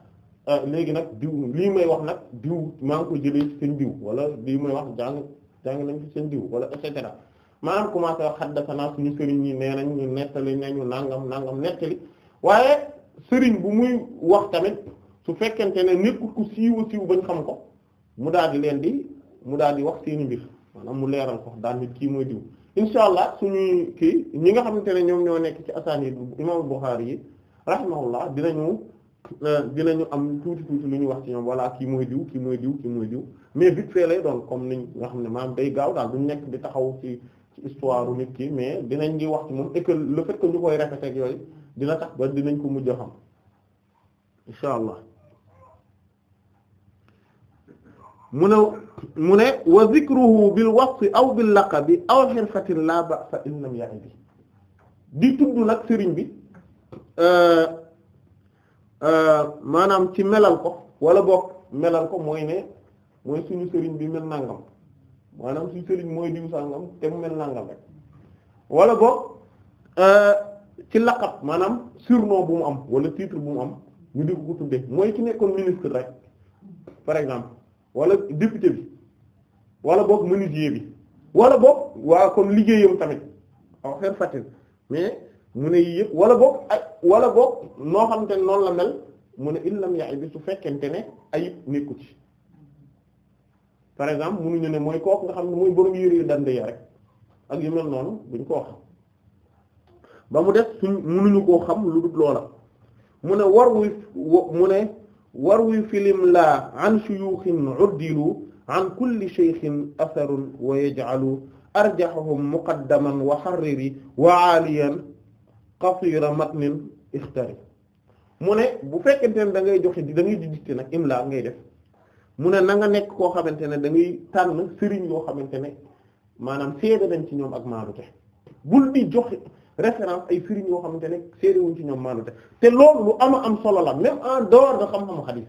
Ah, léegi nag diw lii may wax nag diw maa ngi ko jële ci seen diw wala lii may wax jàng jàng nañ ci seen diw wala et cetera maanaam commencé wax xaddasanaa suñu sëriñ ñi nee nañ ñu nettali nañu nangam nangam nettali waaye sëriñ bu muy wax tamit su fekkente ne nekkul ku siiw bañ xam ko mu daal di leen di mu daal di wax seeni mbir maanaam mu leeral ko daal nit kii mooy diw insha allah suñuy kii ñi nga xamante ne ñoom ñoo nekk ci asaan yi imam Bukhari yi rahimahullah dinañu Euh, dina ñu am tuuti tuuti lu ñuy wax ci ñoom voilà kii mooy diw kii mooy diw kii mooy mais vite fait lay doon comme ni niñ nga xam ne maanaam day gaaw daal duñ nekk di taxaw ci ci histoire nit ki mais dinañ di wax ci moom et que le fait ñu koy répéter yooyu dina tax ba dinañ ko mujj a xam insha allah mu ne mu ne wa zikruhu bil wasfi aw bil laqabi aw xirfatin la ba'sa in lam ya'di di tudd nag sëriñ bi euh, Euh, maanaam ci melal ko wala bokk melal ko mooy ne mooy suñu sëriñ bi mel nangam maanaam suñu sëriñ mooy diw sangam te mu mel nangam rek wala bokk euh, ci laqab maanaam surno bu mu am wala titre bu mu am ñu di ko tuddee mooy ki nekkoon ministre rek par exemple wala député bi wala bokk menuisier bi wala bokk waa kon liggéeyam tamit aw xeer fatin mais mu ne yii yëpp wala ay wala boog noo xamante ne noonu la mel mu ne illam yaay bi su fekkente ne ay nekku ci par exemple mu ñu ne mooy kooku nga xam ne mooy borom yére yu dande rek ak yu mel noonu buñ ko wax ba mu def suñ munuñu koo xam lu dul loola mu ne war wu mu ne war wuy filim laa an shuyuxin uddilu an kulli shaykhin atharun wa yaj'alu arjahahum muqaddaman wa harriri wa aliyan qasira matnin ixtari mu ne bu fekkente ne da ngay joxe da ngay dicté nag imla ngay def mu ne na nga nekk koo xamante ne da ngay tànn sëriñ yoo xamante ne maanaam seede nañ ci ñoom ak maanute bul di jox référence ay sëriñ yoo xamante ne seede ci ñoom maanute te loolu lu ama am solo la même en dehors de xam-xamu xadiis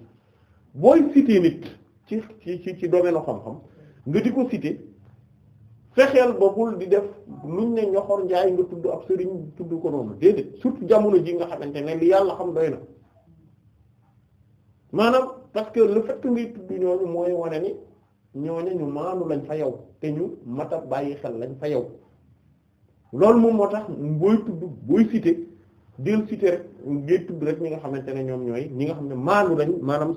booy cité nit ci ci ci domaine xam-xam nga di ko cité fexeel ba bul di def luñ ne ñoxor njaay nga tudd ab sëriñ tudd ko noonu déedéet surtout jamono ji nga xamante ne li yàlla xam doy na maanaam parce que le fait ngay tudd ñooñu mooy wane ni ñoo ñooñu ñu maanu lañ fa yow te ñu mata bàyyi xel lañ fa yow loolu moom moo tax booy tudd booy citer del citer rek ngay tudd rek ñi nga xamante ne ñoom ñooy ñi nga xam ne maanu lañ maanaam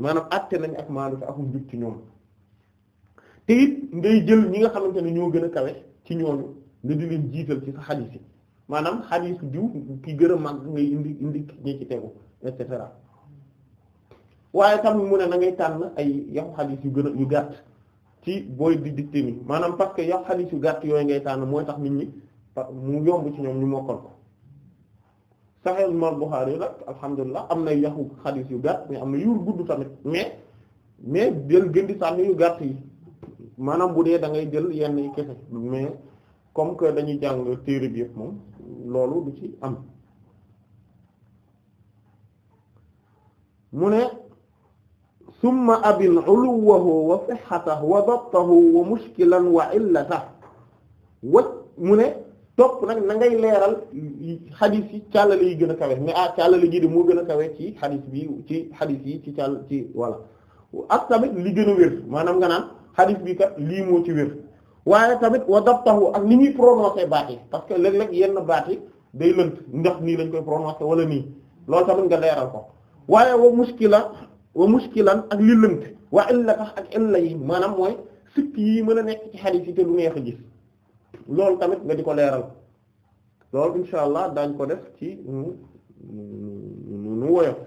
maanaam àtte nañ ak maanu fi akum jub ci ñoom te ngay jël ñi nga xamante ne ñoo gën a kawe ci ñooñu nga di leen jiital ci sa xadiis yi maanaam xadiis diw ki gën a mag ngay indi indi ñi ci tegu et cetera waaye tam mu ne na ngay tànn ay yaxu xadiis yu gën a gàtt ci booy di dicté maanaam parce que yaxu xadiis yu gàtt yooyu ngay tànn mooy tax nit ñi mu yomb ci ñoom ñu mokkal ko Sahih Imam Bukhari la alhamdulilah am na yaxu xadiis yu gàtt mais am na yu gudd tamit mais mais jël gën di sànni yu gàtt yi maanaam bu dee dangay ngay jël yenn yi kese mais comme que dañuy jàng téere bi yëpp moom loolu du ci am mu ne summa abin uluwahu wa sihhatahu wa dabtahu wa mushkilan wa illatahu ne topp nag na ngay leeral xadis yi càllale yi gën a kawe mais ah càllale gi moo gën a kawe ci xadis bi ci xadis yi ci càll ci voilà ak tamit li gën a wér maanaam nga naan xadis bi kat lii moo ci wér waaye tamit wa dabtahu ak ni ñuy prononcer baax yi parce que léeg-léeg yenn baat yi day lënt ndax nii lañ koy prononcer wala nii lool tamit nga leeral ko waaye wa muskila wa muskilan ak li lënt wa illa tax ak illa maanaam mooy sikk yi mën a nekk ci xadis yi te a gis loolu tamit nga di ko leeral loolu insha allah daañ ko def ci nu woyof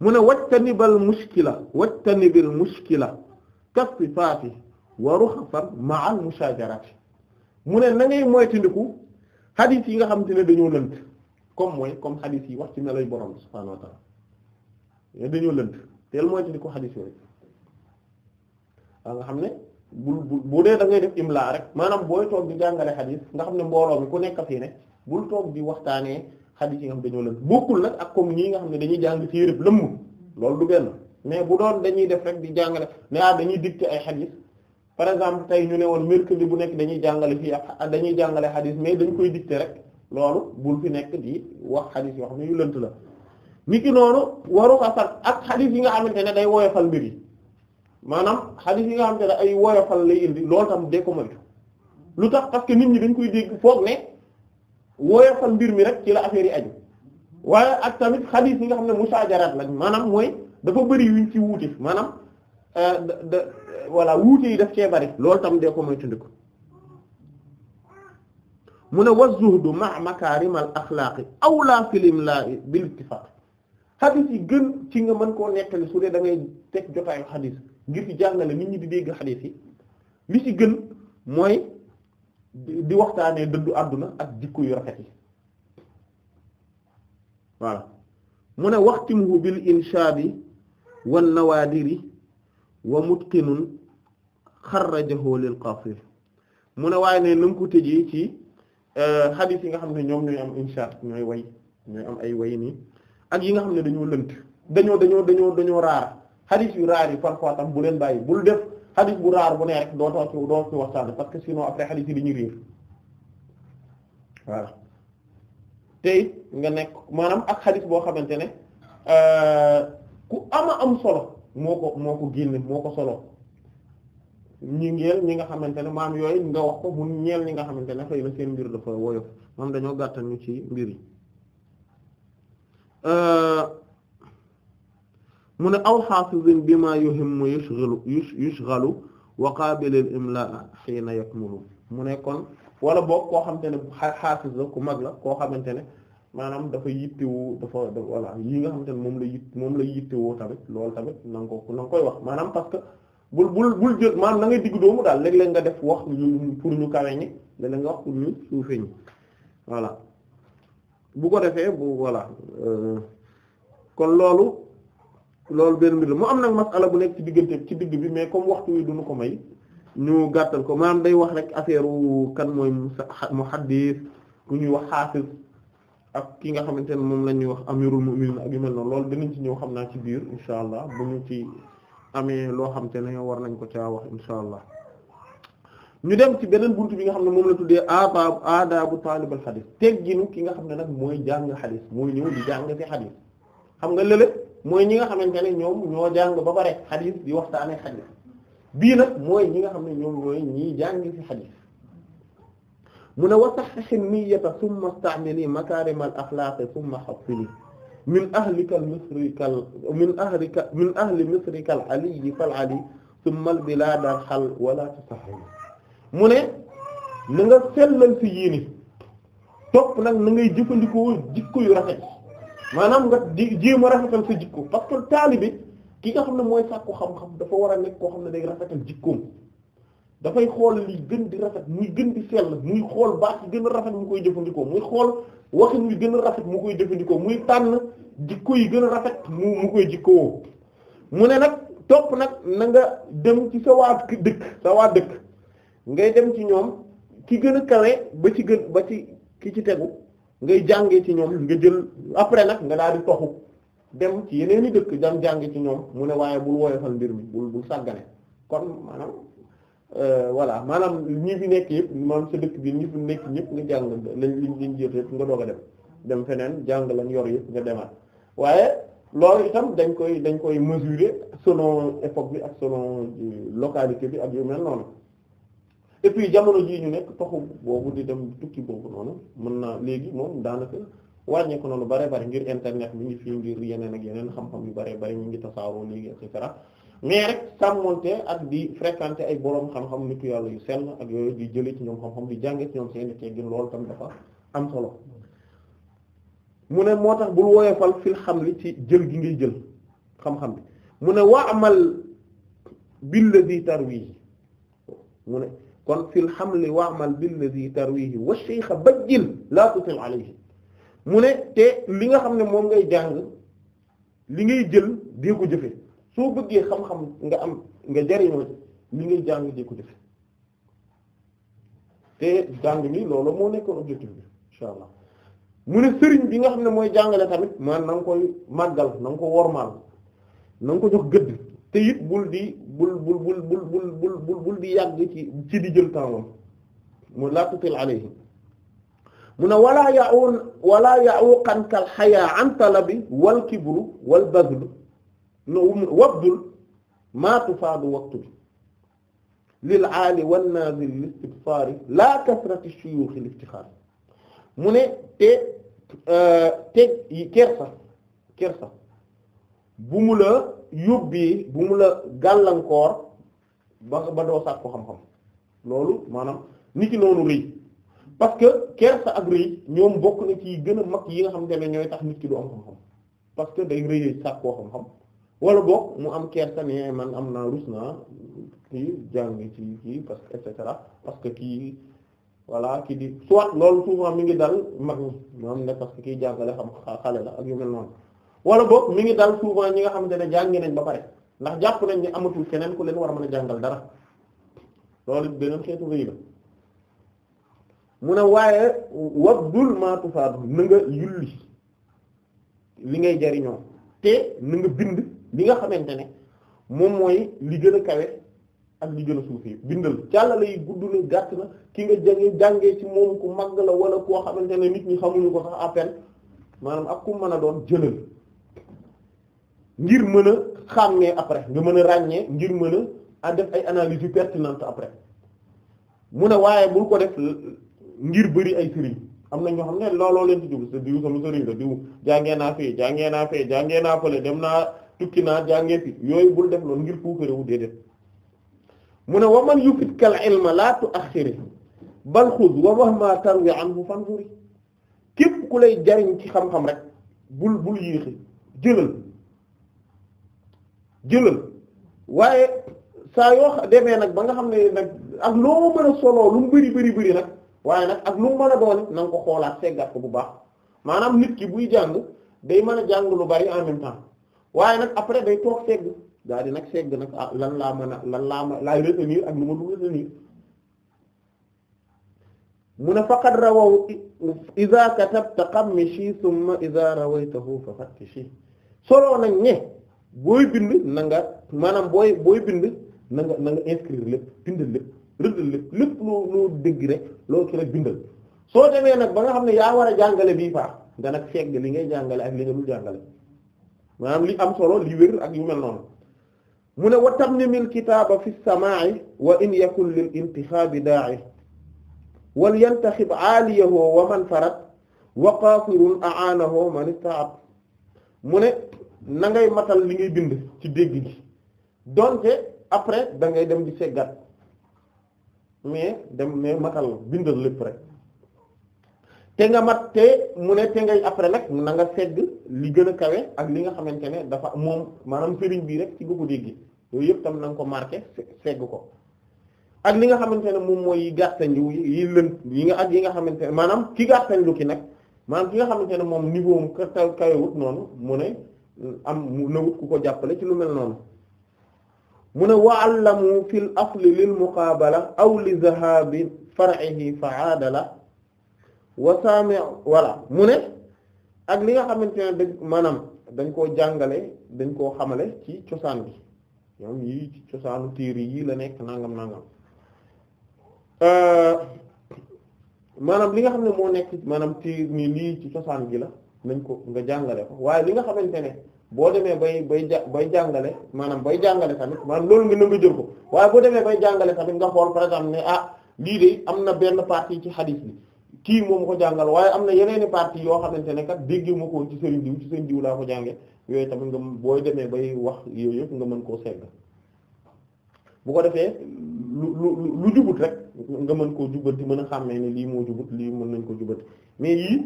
mu ne wajtanibal muskila wajtanibil muskila kastifaati wa ruxasan ma'al mushaajaraati mu ne na ngay moytandiku xadis yi nga xamante ne dañoo lënt comme mooy comme xadis yi wax ci melay borom subhaanahu wa ta'aala dañoo lënt teel moytandiku xadis yooyu waa nga xam ne bu bu dee da ngay def imla maanaam booy toog di jàngale xadis nga xam ne mbooloo mi ku nekk fii ne toog di waxtaanee xadis yi dañoo lënt bokkul nag ak comme ñii nga xam ne dañuy jàng ci yërëb lëmm loolu du benn mais bu doon dañuy def rek di jàngale ne ah dañuy dicter ay xadis par exemple tey ñu ne woon mercredi bu nekk dañuy jàngale fii ak ah dañuy jàngale xadis mais dañ koy dicter rek loolu bul fi nekk di wax xadis yoo xam ne la nit ki noonu waru xasar ak xadis yi nga xamante ne day woyofal mbir yi maanaam xadis yi nga xamante ne ay woyofal lay indi loolu tam de ko lu tax parce nit ñi dañ koy dégg foog ne woyofal mbir mi rek ci la affaire yi aju waaye ak tamit xadis yi nga xam ne musaajaraat lañ maanaam mooy dafa bëri yuñ ci wuuti maanaam euh, da voilà wuute yi daf cee bëri loolu tam dee ko moytandiku mu ne waz-zuhdu ma makaarimal axlaaqi awlaa fil imlaa'i bil ittifaaq xadis yi gën ci nga mën koo nettali su dee da ngay teg jotaayu xadis ngir ci jàngale nit ñi di dégg xadis yi li ci gën mooy di waxtaanee dëddu àdduna ak jikko yu rafet yi voilà mu ne waxtimuhu bil inshaa bi wan nawaadiri wa mutqinun xarrajahu lil qaasir mu ne waaye ne nanga ko tëjee ci euh, xadiis yi nga xam ne ñoom ñooy am inshaat ñooy way ñooy am ay way nii ak yi nga xam ne dañoo lënt dañoo dañoo dañoo dañoo raar xadiis yu raar yi parfois tam bu leen bàyyi bul def xadiis bu raar bu ne rek doo too ci waxtaan parce que sinon après xadiis yi dañuy réer voilà tey nga nekk maanaam ak xadiis boo xamante ne euh, ku ama am solo moo ko moo ko génne moo ko solo ñi ngeel ñi nga xamante ne maam yooyu nga wax ko mun ñeel ñi nga xamante ne xëy na seen mbir dafa woyof maam dañoo gàttal ñu ci mbir yi mu ne aw xaafizin bi ma yuhimmu yushghalu yushghalu wa qabilil imlaa xiina yakmulu mu ne kon wala boog koo xamante ne xaafis la ku mag la koo xamante ne maanaam dafa yittewoo dafa voilà yi nga xamante ne moom la yitt moom la woo tamit loolu tamit na nga ko na koy wax maanaam parce que bul bul bul jël maanaam na ngay digg doomu daal léeg-léeg nga def wax pour ñu kawe ñi léeg-léeg nga wax pour ñu suufee ñi voilà bu ko defee bu voilà euh, kon loolu loolu benn mbir la mu am nag masala bu nekk ci ci digg bi mais comme waxtu wi duñu ko may ñu gàttal ko maanaam day wax rek affaire kan mooy mu muhaddis ku ñuy wax xaafis ak ki nga xamante ne moom la ñuy wax amirul mu'minin ak yu mel noonu loolu dinañ ci ñëw xam naa ci biir insha allah bu ñu ci amee loo xam te ne war nañ ko caa wax insha allah ñu dem ci beneen buntu bi nga xam ne moom la tuddee adab adabu taalibal xadis tegginu ki nga xam ne nag mooy jàng xadis mooy ñëw di jàng ci xadis xam nga lële mooy ñi nga xamante ne ñoom ñoo jàng ba pare xadis di waxtaanee xadis bii nag mooy ñi nga xam ne ñoom ñooy ñii jàng ci xadis mu ne wa sahhih niyyata thumma ista'mili makarim al akhlaq thumma hasili min ahlika al misrika min ahlika min ahli misrika al ali fal ali thumma al bilad al hal wala tusahhil mu ne na nga sellal si yéene topp nag na ngay jëfandikoo jikko yu rafet maanaam nga di jéem a rafetal sa jikko parce que taalibe ki nga xam ne mooy sàkku xam-xam dafa war a nekk koo xam ne day rafetal jikkoom dafay xool li gën di rafet muy gën di sell muy xool baax yi gën a rafet mu koy jëfandikoo muy xool waxin wi gën a rafet mu koy jëfandikoo muy tànn jikko yi gën a rafet mu mu koy jikkowoo mu ne nag topp nag na nga dem ci sa waa dëkk sawaat dëkk ngay dem ci ñoom ki gën a kawe ba ci gën ba ci ki ci tegu ngay jàngee ci ñoom nga jël après nag nga daal di toxu dem ci yeneen i dëkk jam jànge ci ñoom mu ne waaye bul woyofal mbir mi bul bul sàggane kon maanaam Euh, voilà maanaam ñi fi nekk yëpp maanaam sa dëkk bi ñi fi nekk ñëpp nga jàng lañ liñ liñ jot yëpp nga doog dem dem feneen jàng lañ yor yëpp nga demaat waaye loolu itam dañ koy dañ koy mesurer selon époque bi ak selon euh, localité bi ak yu mel noonu et puis jamono jii ñu nekk toxu boobu di dem tukki boobu noonu mën naa léegi moom daanaka wàññeeku na lu bare bare ngir internet mi ngi fi ngir yeneen ak yeneen xam-xam yu bare bare mi ngi tasaaroo léegi et cetera mais rek sàmmonte ak di fréquenter ay boroom xam-xam nitu yàlla yu sell ak yooyu di jëlee ci ñoom xam-xam di jànge ci ñoom seeni teggin loolu tam dafa am solo mu ne moo tax bul woyofal fil xam li ci jël gi ngay jël xam-xam bi mu ne waa amal billadi tarwihi mu ne kon fil xamli waamal billadi tarwihi wa ba bajjil laa tutil alayhi mu ne te li nga xam ne moom ngay jàng li ngay jël dee ko jëfe soo bëggee xam-xam nga am nga jariñoo li ngay jàng di ko te jàng mi loolu moo nekkoon objectif bi insha allah mu sëriñ bi nga xam ne mooy jàngale tamit man na koy màggal na nga ko wormaal na nga ko jox gëdd te bul di bul bul di yàgg ci ci di jël temps mu la tutil alayhi mu ne walaa ya'u walaa ya'u qankal hayaa talabi wal kibru wal bazlu no um, wabdul maatu faadu waxtu bi lil aali wan naazil listibsaari laa kasrati shuyuuxi liftixaar mu ne te euh, te kersa kersa bu mu la yóbbee bu mu la gàllankoor ba ba doo sàkku xam-xam loolu maanaam ni ki noonu rëy parce que kersa ak rëy ñoom bokk na ci gën a mag yi nga xam ne ñooy tax nit ki du xam-xam parce que day rëyee sàkkoo xam-xam wala boog mu am kersa ne man am naa rus naa kii jàng ci kii parce que et cetera parce que kii voilà ki di soit loolu souvent mi ngi dal mag ñi moom ne parce que kii jàngale xam xale la ak yu mel noonu wala boog mi ngi dal souvent ñi nga xamante ne jàngi nañ ba pare ndax jàpp nañ ne amatul keneen ku leen war a mën a jàngal dara loolu beneen xeetu rëy la mu ne waaye wabdul ma tufaadu na yulli li ngay jariñoo te na bind li nga xamante ne moom mooy li gën a kawe ak li gën a suufi bindal jàllale yi gudd na gàtt na ki nga jàngee jàngee ci moom ku màgg la wala koo xamante ne nit ñi xamuñu ko sax appel maanaam ak ku mën a doon jëlal ngir mën a xàmmee après nga mën a ràññee ngir mën a def ay analyses yu pertinentes après mu ne waaye bul ko def ngir bëri ay sëriñ am na ñoo xam ne looloo leen ci jóg sa diw sama sëriñ la diw jàngee naa fii jàngee naa fee jàngee naa fële dem naa tukki naa jàngee fi yooyu bul def loolu ngir puukarewu déedéet mu ne waman yufit kal ilma la tu'akhiri bal xuz wa mahma tarwi anhu fanzuri képp ku lay jariñ ci xam-xam rek bul bul yéexi jëlal jëlal waaye saa yoo demee nag ba nga xam ne nag ak loo mën a soloo lu mu bari bari nag waaye nag ak lu mu mën a doon na ko xoolaat seggat ko bu baax maanaam nit ki buy jàng day mën a jàng lu bari en waaye nag après day toog segg daa di nag segg nag ah lan laa mën a lan laa ma laay retenir ak lu ma dul retenir mu ne faqad rawaw idha thumma idha rawaytahu fafattishi soloo nañ ne booy bind na nga maanaam booy booy bind na nga na nga inscrire lépp bindal lépp rëddal lépp lépp loo rek loo ci rek bindal soo demee nag ba nga xam ne yaa war a jàngale bii faa nga nag segg li ngay jàngale ak li nga dul maanaam li am solo li wér ak yu mel noonu mu ne wa tamimil kitaaba fi samaa'i wa in yakun lil intixaabi daa'i wal yantaxib aaliyahoo wa man farat wa qaasirun a'aanahoo man ista'ab mu ne na ngay matal li ngay bind ci dégg gi donte après da ngay dem di seggat mais dem mais matal bindal lépp rek te nga mat te mu ne te ngay après nag na nga segg li gën a kawe ak li nga xamante ne dafa moom maanaam sëriñ bii rek ci nga ko dégg yooyu yëpp tam na ko marqué segg ko ak li nga xamante ne moom mooy yi gàttanju yi lën yi nga ak yi nga xamante ne maanaam ki gàttanju ki nag maanaam ki nga xamante ne moom niveau mu kawewut noonu mu ne mm, am mu nawut ku ko jàppale ci lu mel noonu mu ne wa'allamu fil asli lil muqaabala aw li zahabi far'ihi fa'adala wa saami voilà mu ne ak li nga xamante ne dañ maanaam dañ koo jàngale dañ koo xamale ci cosaan bi ñoom yii ci cosaanu téere yii la nekk nangam nangam euh, maanaam li nga xam ne moo nekk maanaam téere nii lii ci cosaan gi la nañ ko nga jàngale ko waaye li nga xamante ne boo demee bay bay ja bay jàngale maanaam bay jàngale tamit maanaam loolu nga nga jël ko waaye boo demee bay jàngale tamit nga xool par exemple ne ah lii de am na benn partie ci hadith bi kii moom ko jàngal waaye am na yeneen i parties yoo xamante ne kat déggee ma ko ci sëriñ diw ci sëriñ diw laa ko jànge yooyu tamit nga booy demee bay wax yooyu yëpp nga mën koo segg bu ko defee lu lu lu jubut rek nga mën koo jubanti mën a xàmmee ne lii moo jubut lii mën nañ ko jubanti mais yii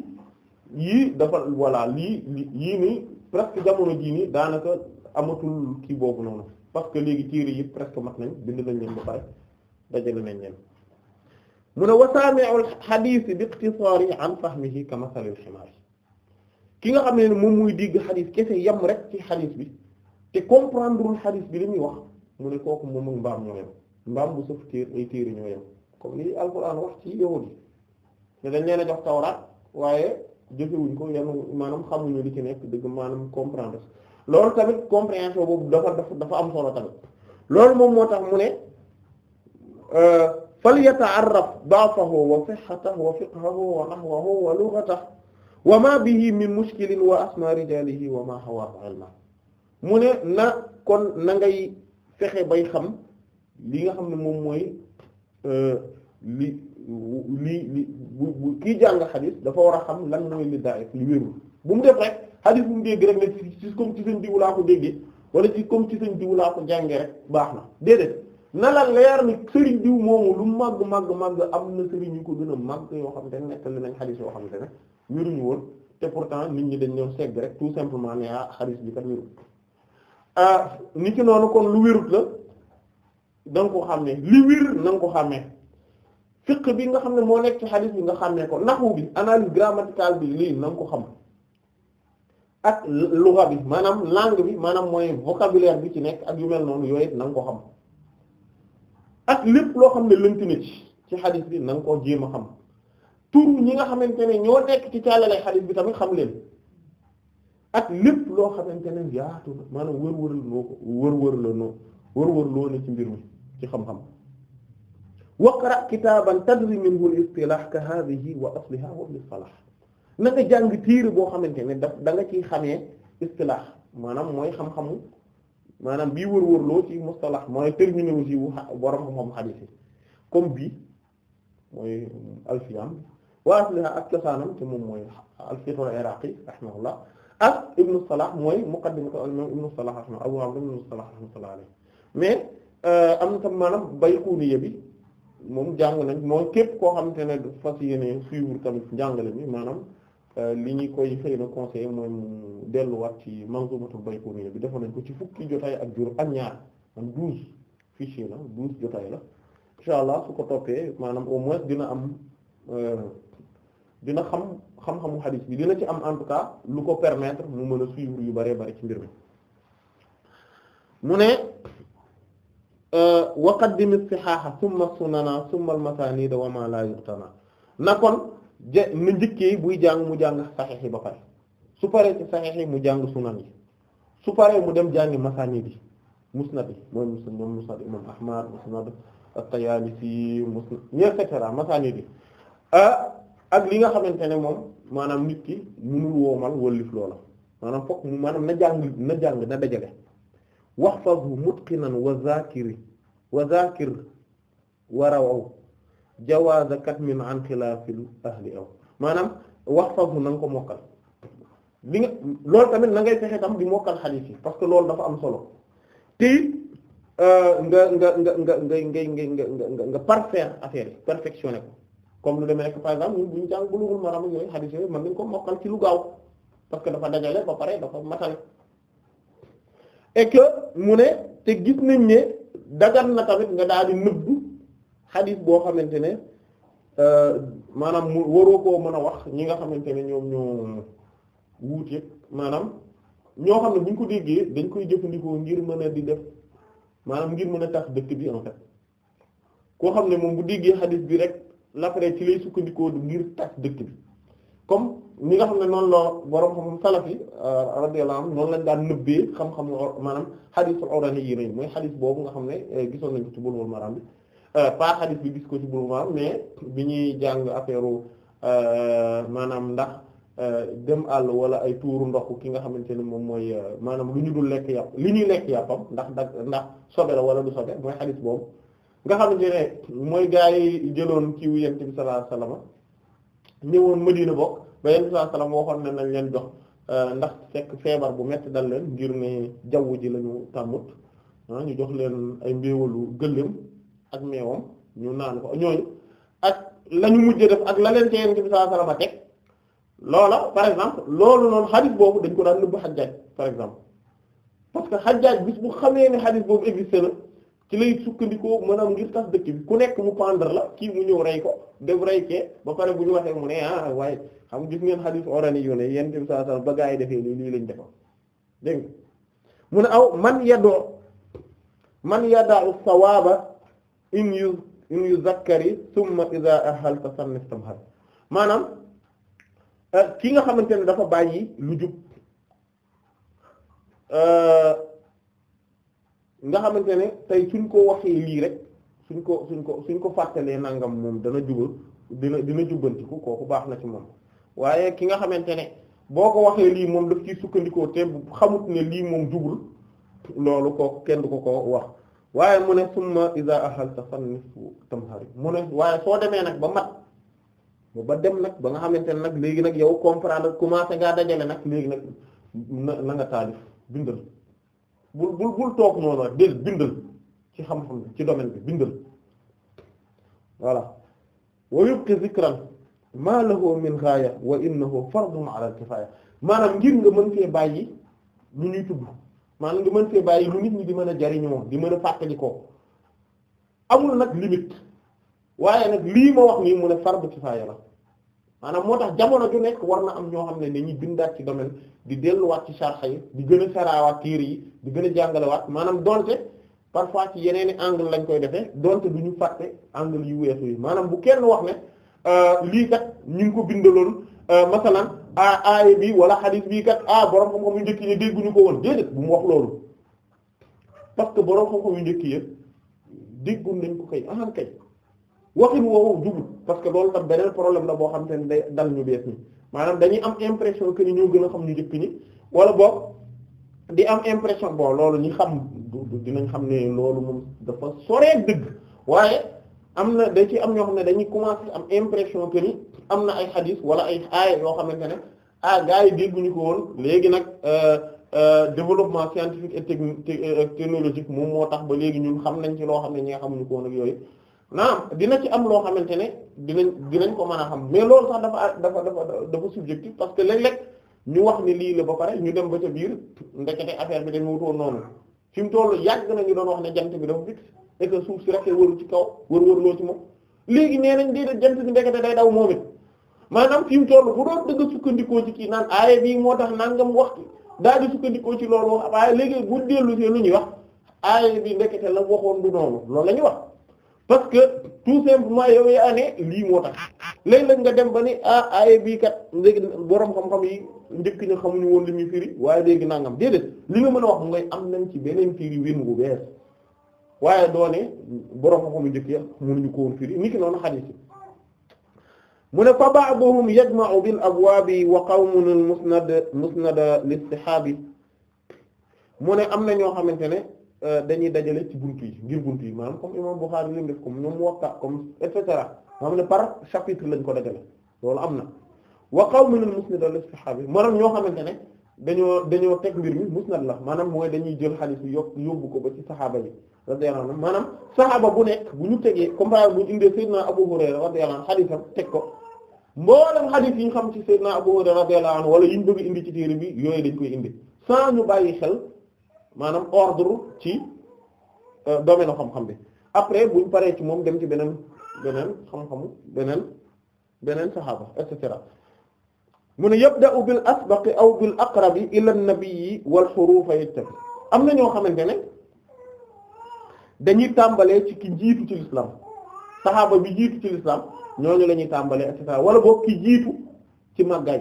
yii dafa voilà lii yii nii presque jamono jii nii daanaka amatul kii boobu noonu parce que léegi téere yi presque mat nañ bind nañ leen ba pare dajale nañ leen. mu ne wasaami'ul xadiis bi iqtisaari an fahmihi ka masalil ximaar ki nga xam ne moom muy digg xadiis kese yem rek ci xadiis bi te u xadiis bi li muy wax mu ne kooku moom muy mbaam ñoo yem mbaam bu sëf téer ay téeri ñoo yem comme li alquran wax ci yahudi te dañ leen a jox tawraat waaye jëfewuñ ko yenn maanaam xamuñu li ci nekk dëgg maanaam comprendre loolu tamit compréhension boobu dafa dafa am solo tamit loolu moom moo tax mu euh, falyata'arraf da'fahu wa sihhatahu wa fiqhahu wa nahwahu wa lughatahu wa ma bihi min mushkilin wa asma rijalihi wa ma hawa ilma mu ne na kon na ngay fexe bay xam li nga xam ne moom mooy euh, li li li bu bu jàng xadis dafa war a xam lan mooy li daif li wérul bu mu def rek xadis bu mu dégg rek ne ci comme ci seen diw laa ko déggee wala ci comme ci seen diw laa ko jàngee rek baax na déedéet na la leer ni sëriñ diw moomu lu màgg màgg màgg am na sëriñ yu ko gën a màgg yoo xam te nettali nañ xadis yoo xam te ne wéruñu woon nit ñi dañ ñoo segg rek tout simplement ne ah xadis bi kat wérut ah, ni ki noonu kon lu wérut la da nga ko xàmmee li wér ko xàmmee fiq bi nga xam ne moo nekk ci xadis bi nga xam ne ko naxu bi analyse grammaticale bi lii na koo ko xam ak lugha bi maanaam langue bi maanaam mooy vocabulaire bi ci nekk ak yu mel noonu yooyu it na nga xam ak lépp loo xam ne lënt na ci ci xadis bi na koo jéem a xam tur ñi nga xamante ne ñoo nekk ci càllale xadis bi tamit xam leen ak lépp loo xamante ne yaatu na maanaam wër-wër la wër-wër noo wër-wër loo na ci mbir mi ci xam-xam waqra kitaaban tadri minhu al-istilah ka hadhihi wa asliha wa ibn salah na jàng tiir boo xamante ne daf da nga ciy xamee istilah maanaam mooy xam-xamu maanaam bii wër-wërloo ci mustalah mooy terminologie wu borom moom xadiis yi comme bii mooy alfiam wa asliha ak cosaanam te moom mooy alfiqhul iraqi rahimahullah ak ibnu salah mooy muqaddim ko imam ibnu salah rahma abu amr ibnu salah rahmatullah alayhi mais euh, am na tam maanaam bayquniya bi moom jàng nañ mooy képp koo xamante ne fas yéene suivre tamit njàngale mi maanaam Euh, li ñu koy xëy na conseillé mooy delluwaat ci manzumatul bayquni bi defoon nañ ko ci fukki jotaay ak jur ak ñaar am douze fichier la douze jotaay la incha allah su ko toppee maanaam au moins dina am euh, dina xam xam-xamu xadis bi dina ci am en tout cas lu ko permettre mu mën a suivre yu bëree bëri ci mbir mi mu ne euh, waqaddimi sihaaha summa sunana summa almasanida wa ma la yuqtana na kon je na njëkkee buy jàng mu jàng saxiix yi ba pare su paree ci saxiix mu jàng sunan yi su paree mu dem jàngi masaani bi musnad yi mooy musnad moom musnad imam ahmad musnad at ah, ak li nga xamante ne moom maanaam nit ki munul woomal wëllif loola maanaam fokk mu maanaam na jàng na jàng na dajale wax fas bu mutqinan wa zakiri wa zakir wa jawaaza katmin an xilaafil ahli aw maanaam wax fagu na nga ko mokkal li nga loolu tamit na ngay fexe tam di mokkal xadiis yi parce que loolu dafa am solo te euh, nga nga nga nga ngay nga nga nga parfaire affaire yi perfectionné ko comme lu demee rek par exemple ñun bu ñu jàng Bulughul Maram yooyu xadiis yooyu mën ko mokkal ci lu parce que dafa dajale ba pare dafa matale et mu ne te gis nañ ne dagan na tamit nga daal di nëbbu xadis boo xamante ne euh, maanaam mu waroo koo mën a wax ñi nga xamante ne ñoom ñoo wuute maanaam ñoo xam ne bu ñu ko déggee dañ koy jëfandikoo ngir mën a di def maanaam ngir mën a tax dëkk bi en koo xam ne moom bu déggee xadis bi rek l'après ci lay sukkandikoo ngir tax dëkk bi comme ñi nga xam ne noon la borom xam salaf yi euh, radiyallahu anhum noonu lañ daan nëbbee xam-xam maanaam xadisul urani yi nañ mooy xadis boobu nga xam ne euh, gisoon nañ ko ci bulul maram bi Euh, pas xadis bi gis ko ci boobu maam mais bi ñuy jàng affaire euh, maanaam ndax euh, dem àll wala ay tuuru ndox ki nga xamante ni moom mooy maanaam lu ñu dul lekk yàpp li ñuy lekk yàppam ndax ndax ndax sobe la wala du sobe mooy xadis boobu nga xamante ne mooy gaa yi jëloon ci yent bi sallallahu alayhi wasallam ñëwoon Madina bokk ba yent bi sallallahu alayhi wasallam waxoon ne nañ leen jox ndax fekk feebar bu metti dal leen ngir ne jaww ji lañu ñu tàmmut ah, ñu jox leen ay mbéewalu gëléem ak meewam ñu naan ko ñooñu ak la ñu mujj def ak la leen ci yonent bi sallallahu alayhi wasallam teg loola par exemple loolu noonu xadis boobu dañ ko daan nëbb xajjaaj par exemple parce que xajjaaj bis bu xamee ne xadis boobu existé na ci lay sukkandikoo maanaam ngir tas dëkk bi ku nekk mu pendre la kii mu ñëw rey ko def rey kee ba pare bu ñu waxee mu ne ah waaye xam gis ngeen xadis orani yu ne yonent bi sallallahu ba gaa yi defee nii lii lañ defa dégg nga mu ne aw man yadoo man yadaa sawaaba in yu in yu zakkari summa iza ahal tasanni istamhal maanaam euh, ki nga xamante ne dafa bàyyi lu jub euh, nga xamante ne tey suñ ko waxee lii rek suñ ko suñ ko suñ ko fàttalee nangam moom dana jubal dina dina jubbantiku kooku baax na ci moom waaye ki nga xamante ne boo ko waxee lii moom daf ciy sukkandikoo te xamut ne lii moom jubul loolu kooku kenn du ko ko wax waaye mu ne summa iza ahalta fannisu tamhari mu ne waaye soo demee nag ba mat ba dem nag ba nga xamante ne nag léegi nag yow comprendre commencé ngaa dajale nag léegi nag na nga taalif bindal bul bul bul toog noonu rek bindal ci xam-xam ci domaine bi bindal voilà wa yubqi zikran ma lahu min ghaya wa innahu fardun ala al kifaya maanaam ngir nga mën fee bàyyi lu ñuy tudd maanaam di mën fee bàyyi lu nit ñi di mën a jariñu moom di mën a fàttali ko amul nag limite waaye nag lii ma wax nii mu ne fardu kifaaya la maanaam moo tax jamono ju nekk war na am ñoo xam ne dañuy bindaat ci domaine di delluwaat ci sarxa yi di gën a saraawaat tiir yi di gën a jàngalewaat maanaam donte parfois ci yeneeni angle lañ koy defee donte du ñu fàtte angle yu weesu yi maanaam bu kenn wax ne euh, lii kat ñu ngi ko bindaloon euh, masalan ah aaya bi wala xadis bii kat ah borom xam-xam yu njëkk yi dégguñu ko woon déedéet bu mu wax loolu parce que borom xam-xam yu njëkk yi dégguñ nañ ko kay anam ah, kay waxin woowu jubul parce que loolu tam beneen problème la boo xam te ne day dal ñu bees ni maanaam dañuy am impression que ni ñoo gën a xam ñu njëkk ñi wala boog di am impression bon loolu ñi xam dinañ xam ne loolu moom dafa soree dëgg waaye. am na da ci am ñoo xam ne dañuy commencer am impression que ni am na ay xadis wala ay aaya yoo xamante ne ah gars yi dégguñu ko woon léegi nag euh, euh, développement scientifique et technique euh, technologique moom moo tax ba léegi ñun xam nañ ci loo xam ne ñi xamuñu ko woon yooyu naam dina ci am loo xamante ne dinañ dinañ ko mën a xam mais loolu sax dafa dafa dafa dafa subjectif parce que léeg-léeg ñu wax ni lii la ba pare ñu dem ba ca biir ndekete affaire bi dañu wutoon noonu fi mu toll yàgg na ñu doon wax ne jant bi dafa fixe et que suuf si rafet wëru ci kaw wër wër loo ci moom léegi nee nañ déedéet jant bi ndekete day daw moom it maanaam fi mu toll bu doon dëgg sukkandikoo ci kii naan aaye bii moo tax nangam waxtu daal di sukkandikoo ci loolu wax waaye léegi bu dellu see lu ñuy wax aaye bi ndekete la waxoon du noonu loolu la ñuy wax parce que tout simplement yow yaa ne lii moo tax léeg-léeg nga dem ba ni ah aaye bii kat léegi borom xam-xam yi njëkk ñu xamuñu woon li ñuy firi waaye léegi nangam déedéet li nga mën a wax mooy am nañ ci beneen firi win bu bees. waaye doone borom ko mu njëkk yëpp mënuñu ko woon firi ni ki noonu xadiis yi mu ne fa ba'duhum yajma'u bil abwaabi wa qawmun musnad musnad listihaabi mu ne am na ñoo xamante ne euh, dañuy dajale ci buntu yi ngir buntu yi maanaam comme imam Bukhari lim def comme ñoom Muwatta comme et cetera ne par chapitre lañ ko dajale loolu am na wa qawmun musnad listihaabi maanaam ñoo xamante ne dañoo dañoo teg mbir mi musnad la maanaam mooy dañuy jël xadis bi yokk yóbbu ko ba ci saxaaba bi radiyallahu anhu maanaam saxaaba bu nekk bu ñu tegee comme bu ñu indee Seydina Abu Hurayra radiyallahu anhu xadisam teg ko mboolem xadis yi ñu xam ci Seydina Abu Hurayra radiyallahu anhu wala yi ñu bëgg indi ci téere bi yooyu dañ koy indi saa ñu bàyyi xel maanaam ordre ci euh, domaine xam-xam bi après bu ñu paree ci moom dem ci beneen beneen xam-xamu beneen beneen saxaaba et cetera mu ne yëpp da yabda'u bil asbaqi aw bil aqrabi ila an-nabiyyi wal hurufa yattabi am na ñoo xamante ne dañuy tàmbalee ci ki jiitu ci l'islam saxaaba bi jiitu ci l'islam ñooñu la ñuy tàmbalee et cetera wala boog ki jiitu ci màggaay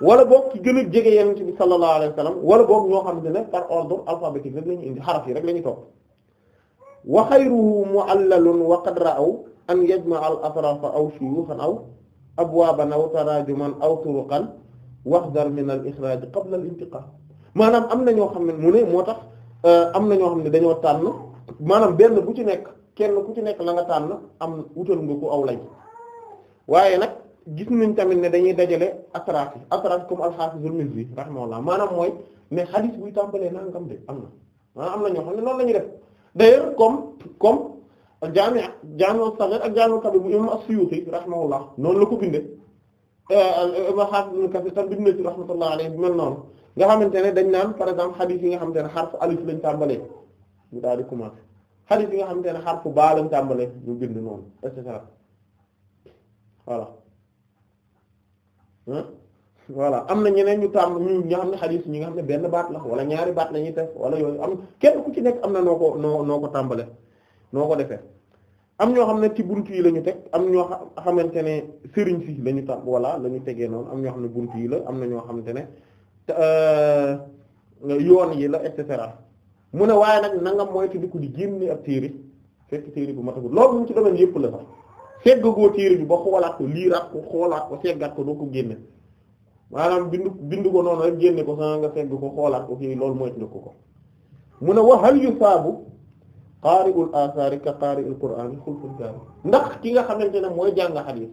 wala boog ki gën a jege yonent bi sallallahu alayhi wasallam wala boog ñoo xam nte ne par ordre alphabétique rek la indi xaraf yi rek la ñu topp wa xayruhu mu'allalun wa an yajma'a al-atrafa aw shuyukhan aw abwaaban aw man aw turuqan wahdar min al ixraaj qabla al intiqaam maanaam am na ñoo xam ne mu ne moo tax euh, am na ñoo xam ne dañoo tànn maanaam benn bu ci nekk kenn ku ci nekk la nga tànn am wutal nga ko aw lay waaye nag gis nu nañ tamit ne dañuy dajale atraaf yi atraaf comme al-Hafiz al-Mizzi rahimahullah maanaam mooy mais xadis buy tàmbalee nangam de am na maanaam am na ñoo xam ne noonu la ñuy def d'ailleurs comme comme ak jaami jaami saghir ak jaami kabir bu imam as-Suyuti rahimahullah noonu la ko bindee eh, imam Hafiz Kathir tam bind na ci rahmatullah alayhi mel noonu nga xamante ne dañ naan par exemple hadith yi nga xamante ne xarfu alif lañ tàmbalee ñu daal di commencer hadith yi nga xamante ne xarfu baa lañ tàmbalee ñu bind noonu et cetera voilà voilà am na ñeneen ñu tàmm ñu nga xam ne hadith ñi nga xam ne benn baat la wala ñaari baat la ñuy def wala yooyu am kenn ku ci nekk am na noo ko noo noo ko tàmbalee. noo ko defee am ñoo xam ne ci buntu yi lañu teg am ñoo xamante ne sëriñ si la ñu tam walla la ñu tegee noonu am ñoo xam ne buntu yi la am na ñoo xamante ne euh, yoon yi la et cetera mu ne waaye nag nanga moytu di ko di génne ab téere fekk téere bu matagul loolu mu ci la sax seggagoo téere bi ba xoolaat ko liiraat ko xoolaat ko seggaat ko doo ko génne maanaam bindu bind ko noonu rek génne ko sa nga segg ko xoolaat ko loolu moytu ko ko mu ne wa hal yu saabu. qaari'ul asaari ka qaari'il qur'aan xulful jaari ndax ki nga xamante ne mooy jàng xadiis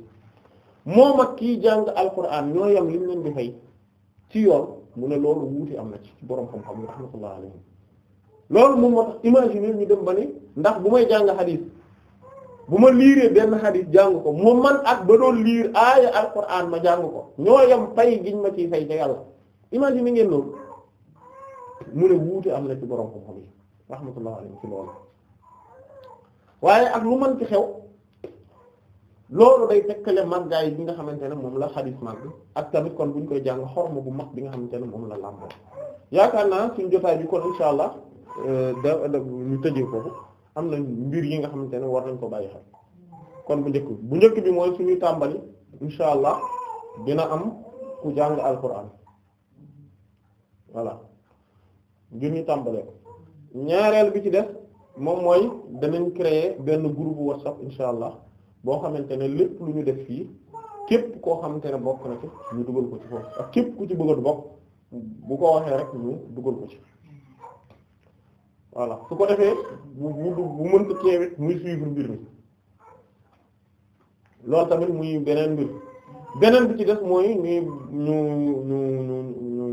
moom ak kii jàng alqur'aan ñoo yam liñ leen fay ci yoon mu ne loolu wuute am na ci borom xam-xam yi loolu moom moo tax imaginer ñu dem ndax bu may jàng xadiis bu ma liiree benn jàng ko mu man ak ba doon liir ma jàng ko ñoo yam fay giñ ma ci fay ca yàlla imaginer ngeen loolu mu ne wuute am na ci borom xam-xam yi rahmatullahi alayhim ci loolu. waaye ak lu man ci xew loolu day tekkale yi bi nga xamante ne moom la xadis màgg ak tamit kon buñ koy jàng xorma bu mag bi nga xamante ne moom la làmboo yaakaar naa suñ jotaay bi kon insha allah euh, da da ñu tëjee foofu am na mbir yi nga xamante ne war nañ ko bàyyi xel kon bu njëkk bu njëkk bi mooy suñuy tàmbali insha allah dina am ku jàng alquran voilà ngir ñu tàmbalee ko ñaareel bi ci def moom mooy danañ créer benn groupe WhatsApp insha allah boo xamante ne lépp lu ñu def fii képp koo xamante ne bokk na ci ñu dugal ko ci foofu ak képp ku ci bëgg a bokk bu ko waxee rek ñu dugal ko ci voilà su ko defee bu bu bu mënta teewit muy suivre mbir mi loolu tamit muy beneen mbir beneen bi ci des mooy ñu ñu ñu ñu ñu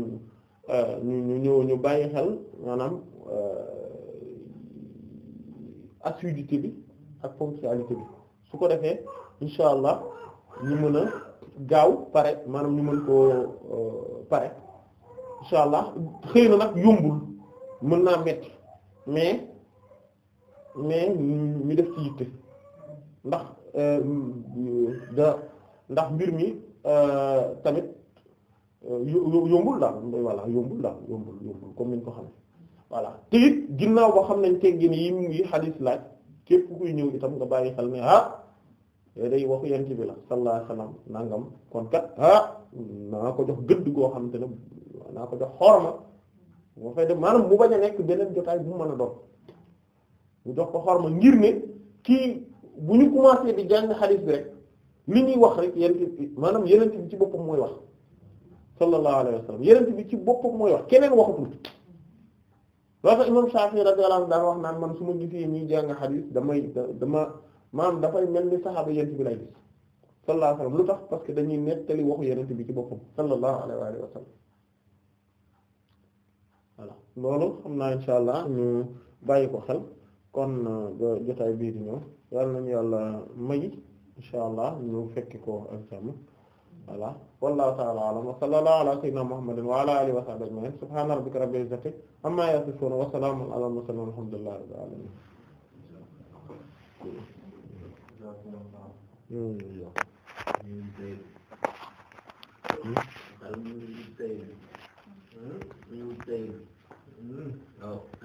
euh, ñu ñu ñu bàyyi xel maanaam. Euh, assiduité bi ak ponctualité bi su ko defee insha allah ñu mën a gaaw pare maanaam ñu mën koo euh, pare insha allah xëy na nag yombul mën naa metti mais mais ñu def ci yitte ndax euh, da ndax mbir mi euh, tamit yombul daal voilà yombul daal yombul yombul comme niñ ko xam ne voilà te it ginnaaw boo xam nañ teggin yi mu ngi xadis laaj képp kuy ñëw itam nga bàyyi xel ne ah yooyu day waxu yent bi la sallallahu alayhi nangam kon kat ah naa ko jox gëdd goo xam te ne naa ko jox xorma boo fay maanaam mu bañ a nekk beneen jotaay bu mu mën a doon mu jox ko xorma ngir ne kii bu ñu commencé di jàng xadis bi rek li ñuy wax rek yent maanaam yenent bi ci boppam mooy wax sallallahu alayhi wasallam yenent bi ci boppam mooy wax keneen waxatul loolu tax imam Shafi'i radiyallahu anhu daan ñuy jàng damay dama maanaam dafay mel ni saxaaba yent bi lay lu tax parce que dañuy nettali waxu yenent bi ci boppam sallallahu alayhi wa sallam voilà loolu xam naa insha allah ñu bàyyi ko xel kon jotaay biir di ñëw yàlla nañu yàlla may insha allah ñu fekki ko ak voilà wallahu ta'ala a'lam wa sallallahu ala sayyidina muhammadin wa ala alihi wa sahbihi ajma'in subhana rabbika rabbil izzati amma yasifun wa salamun ala al-mursalin walhamdulillahi rabbil alamin ñu tey ñu tey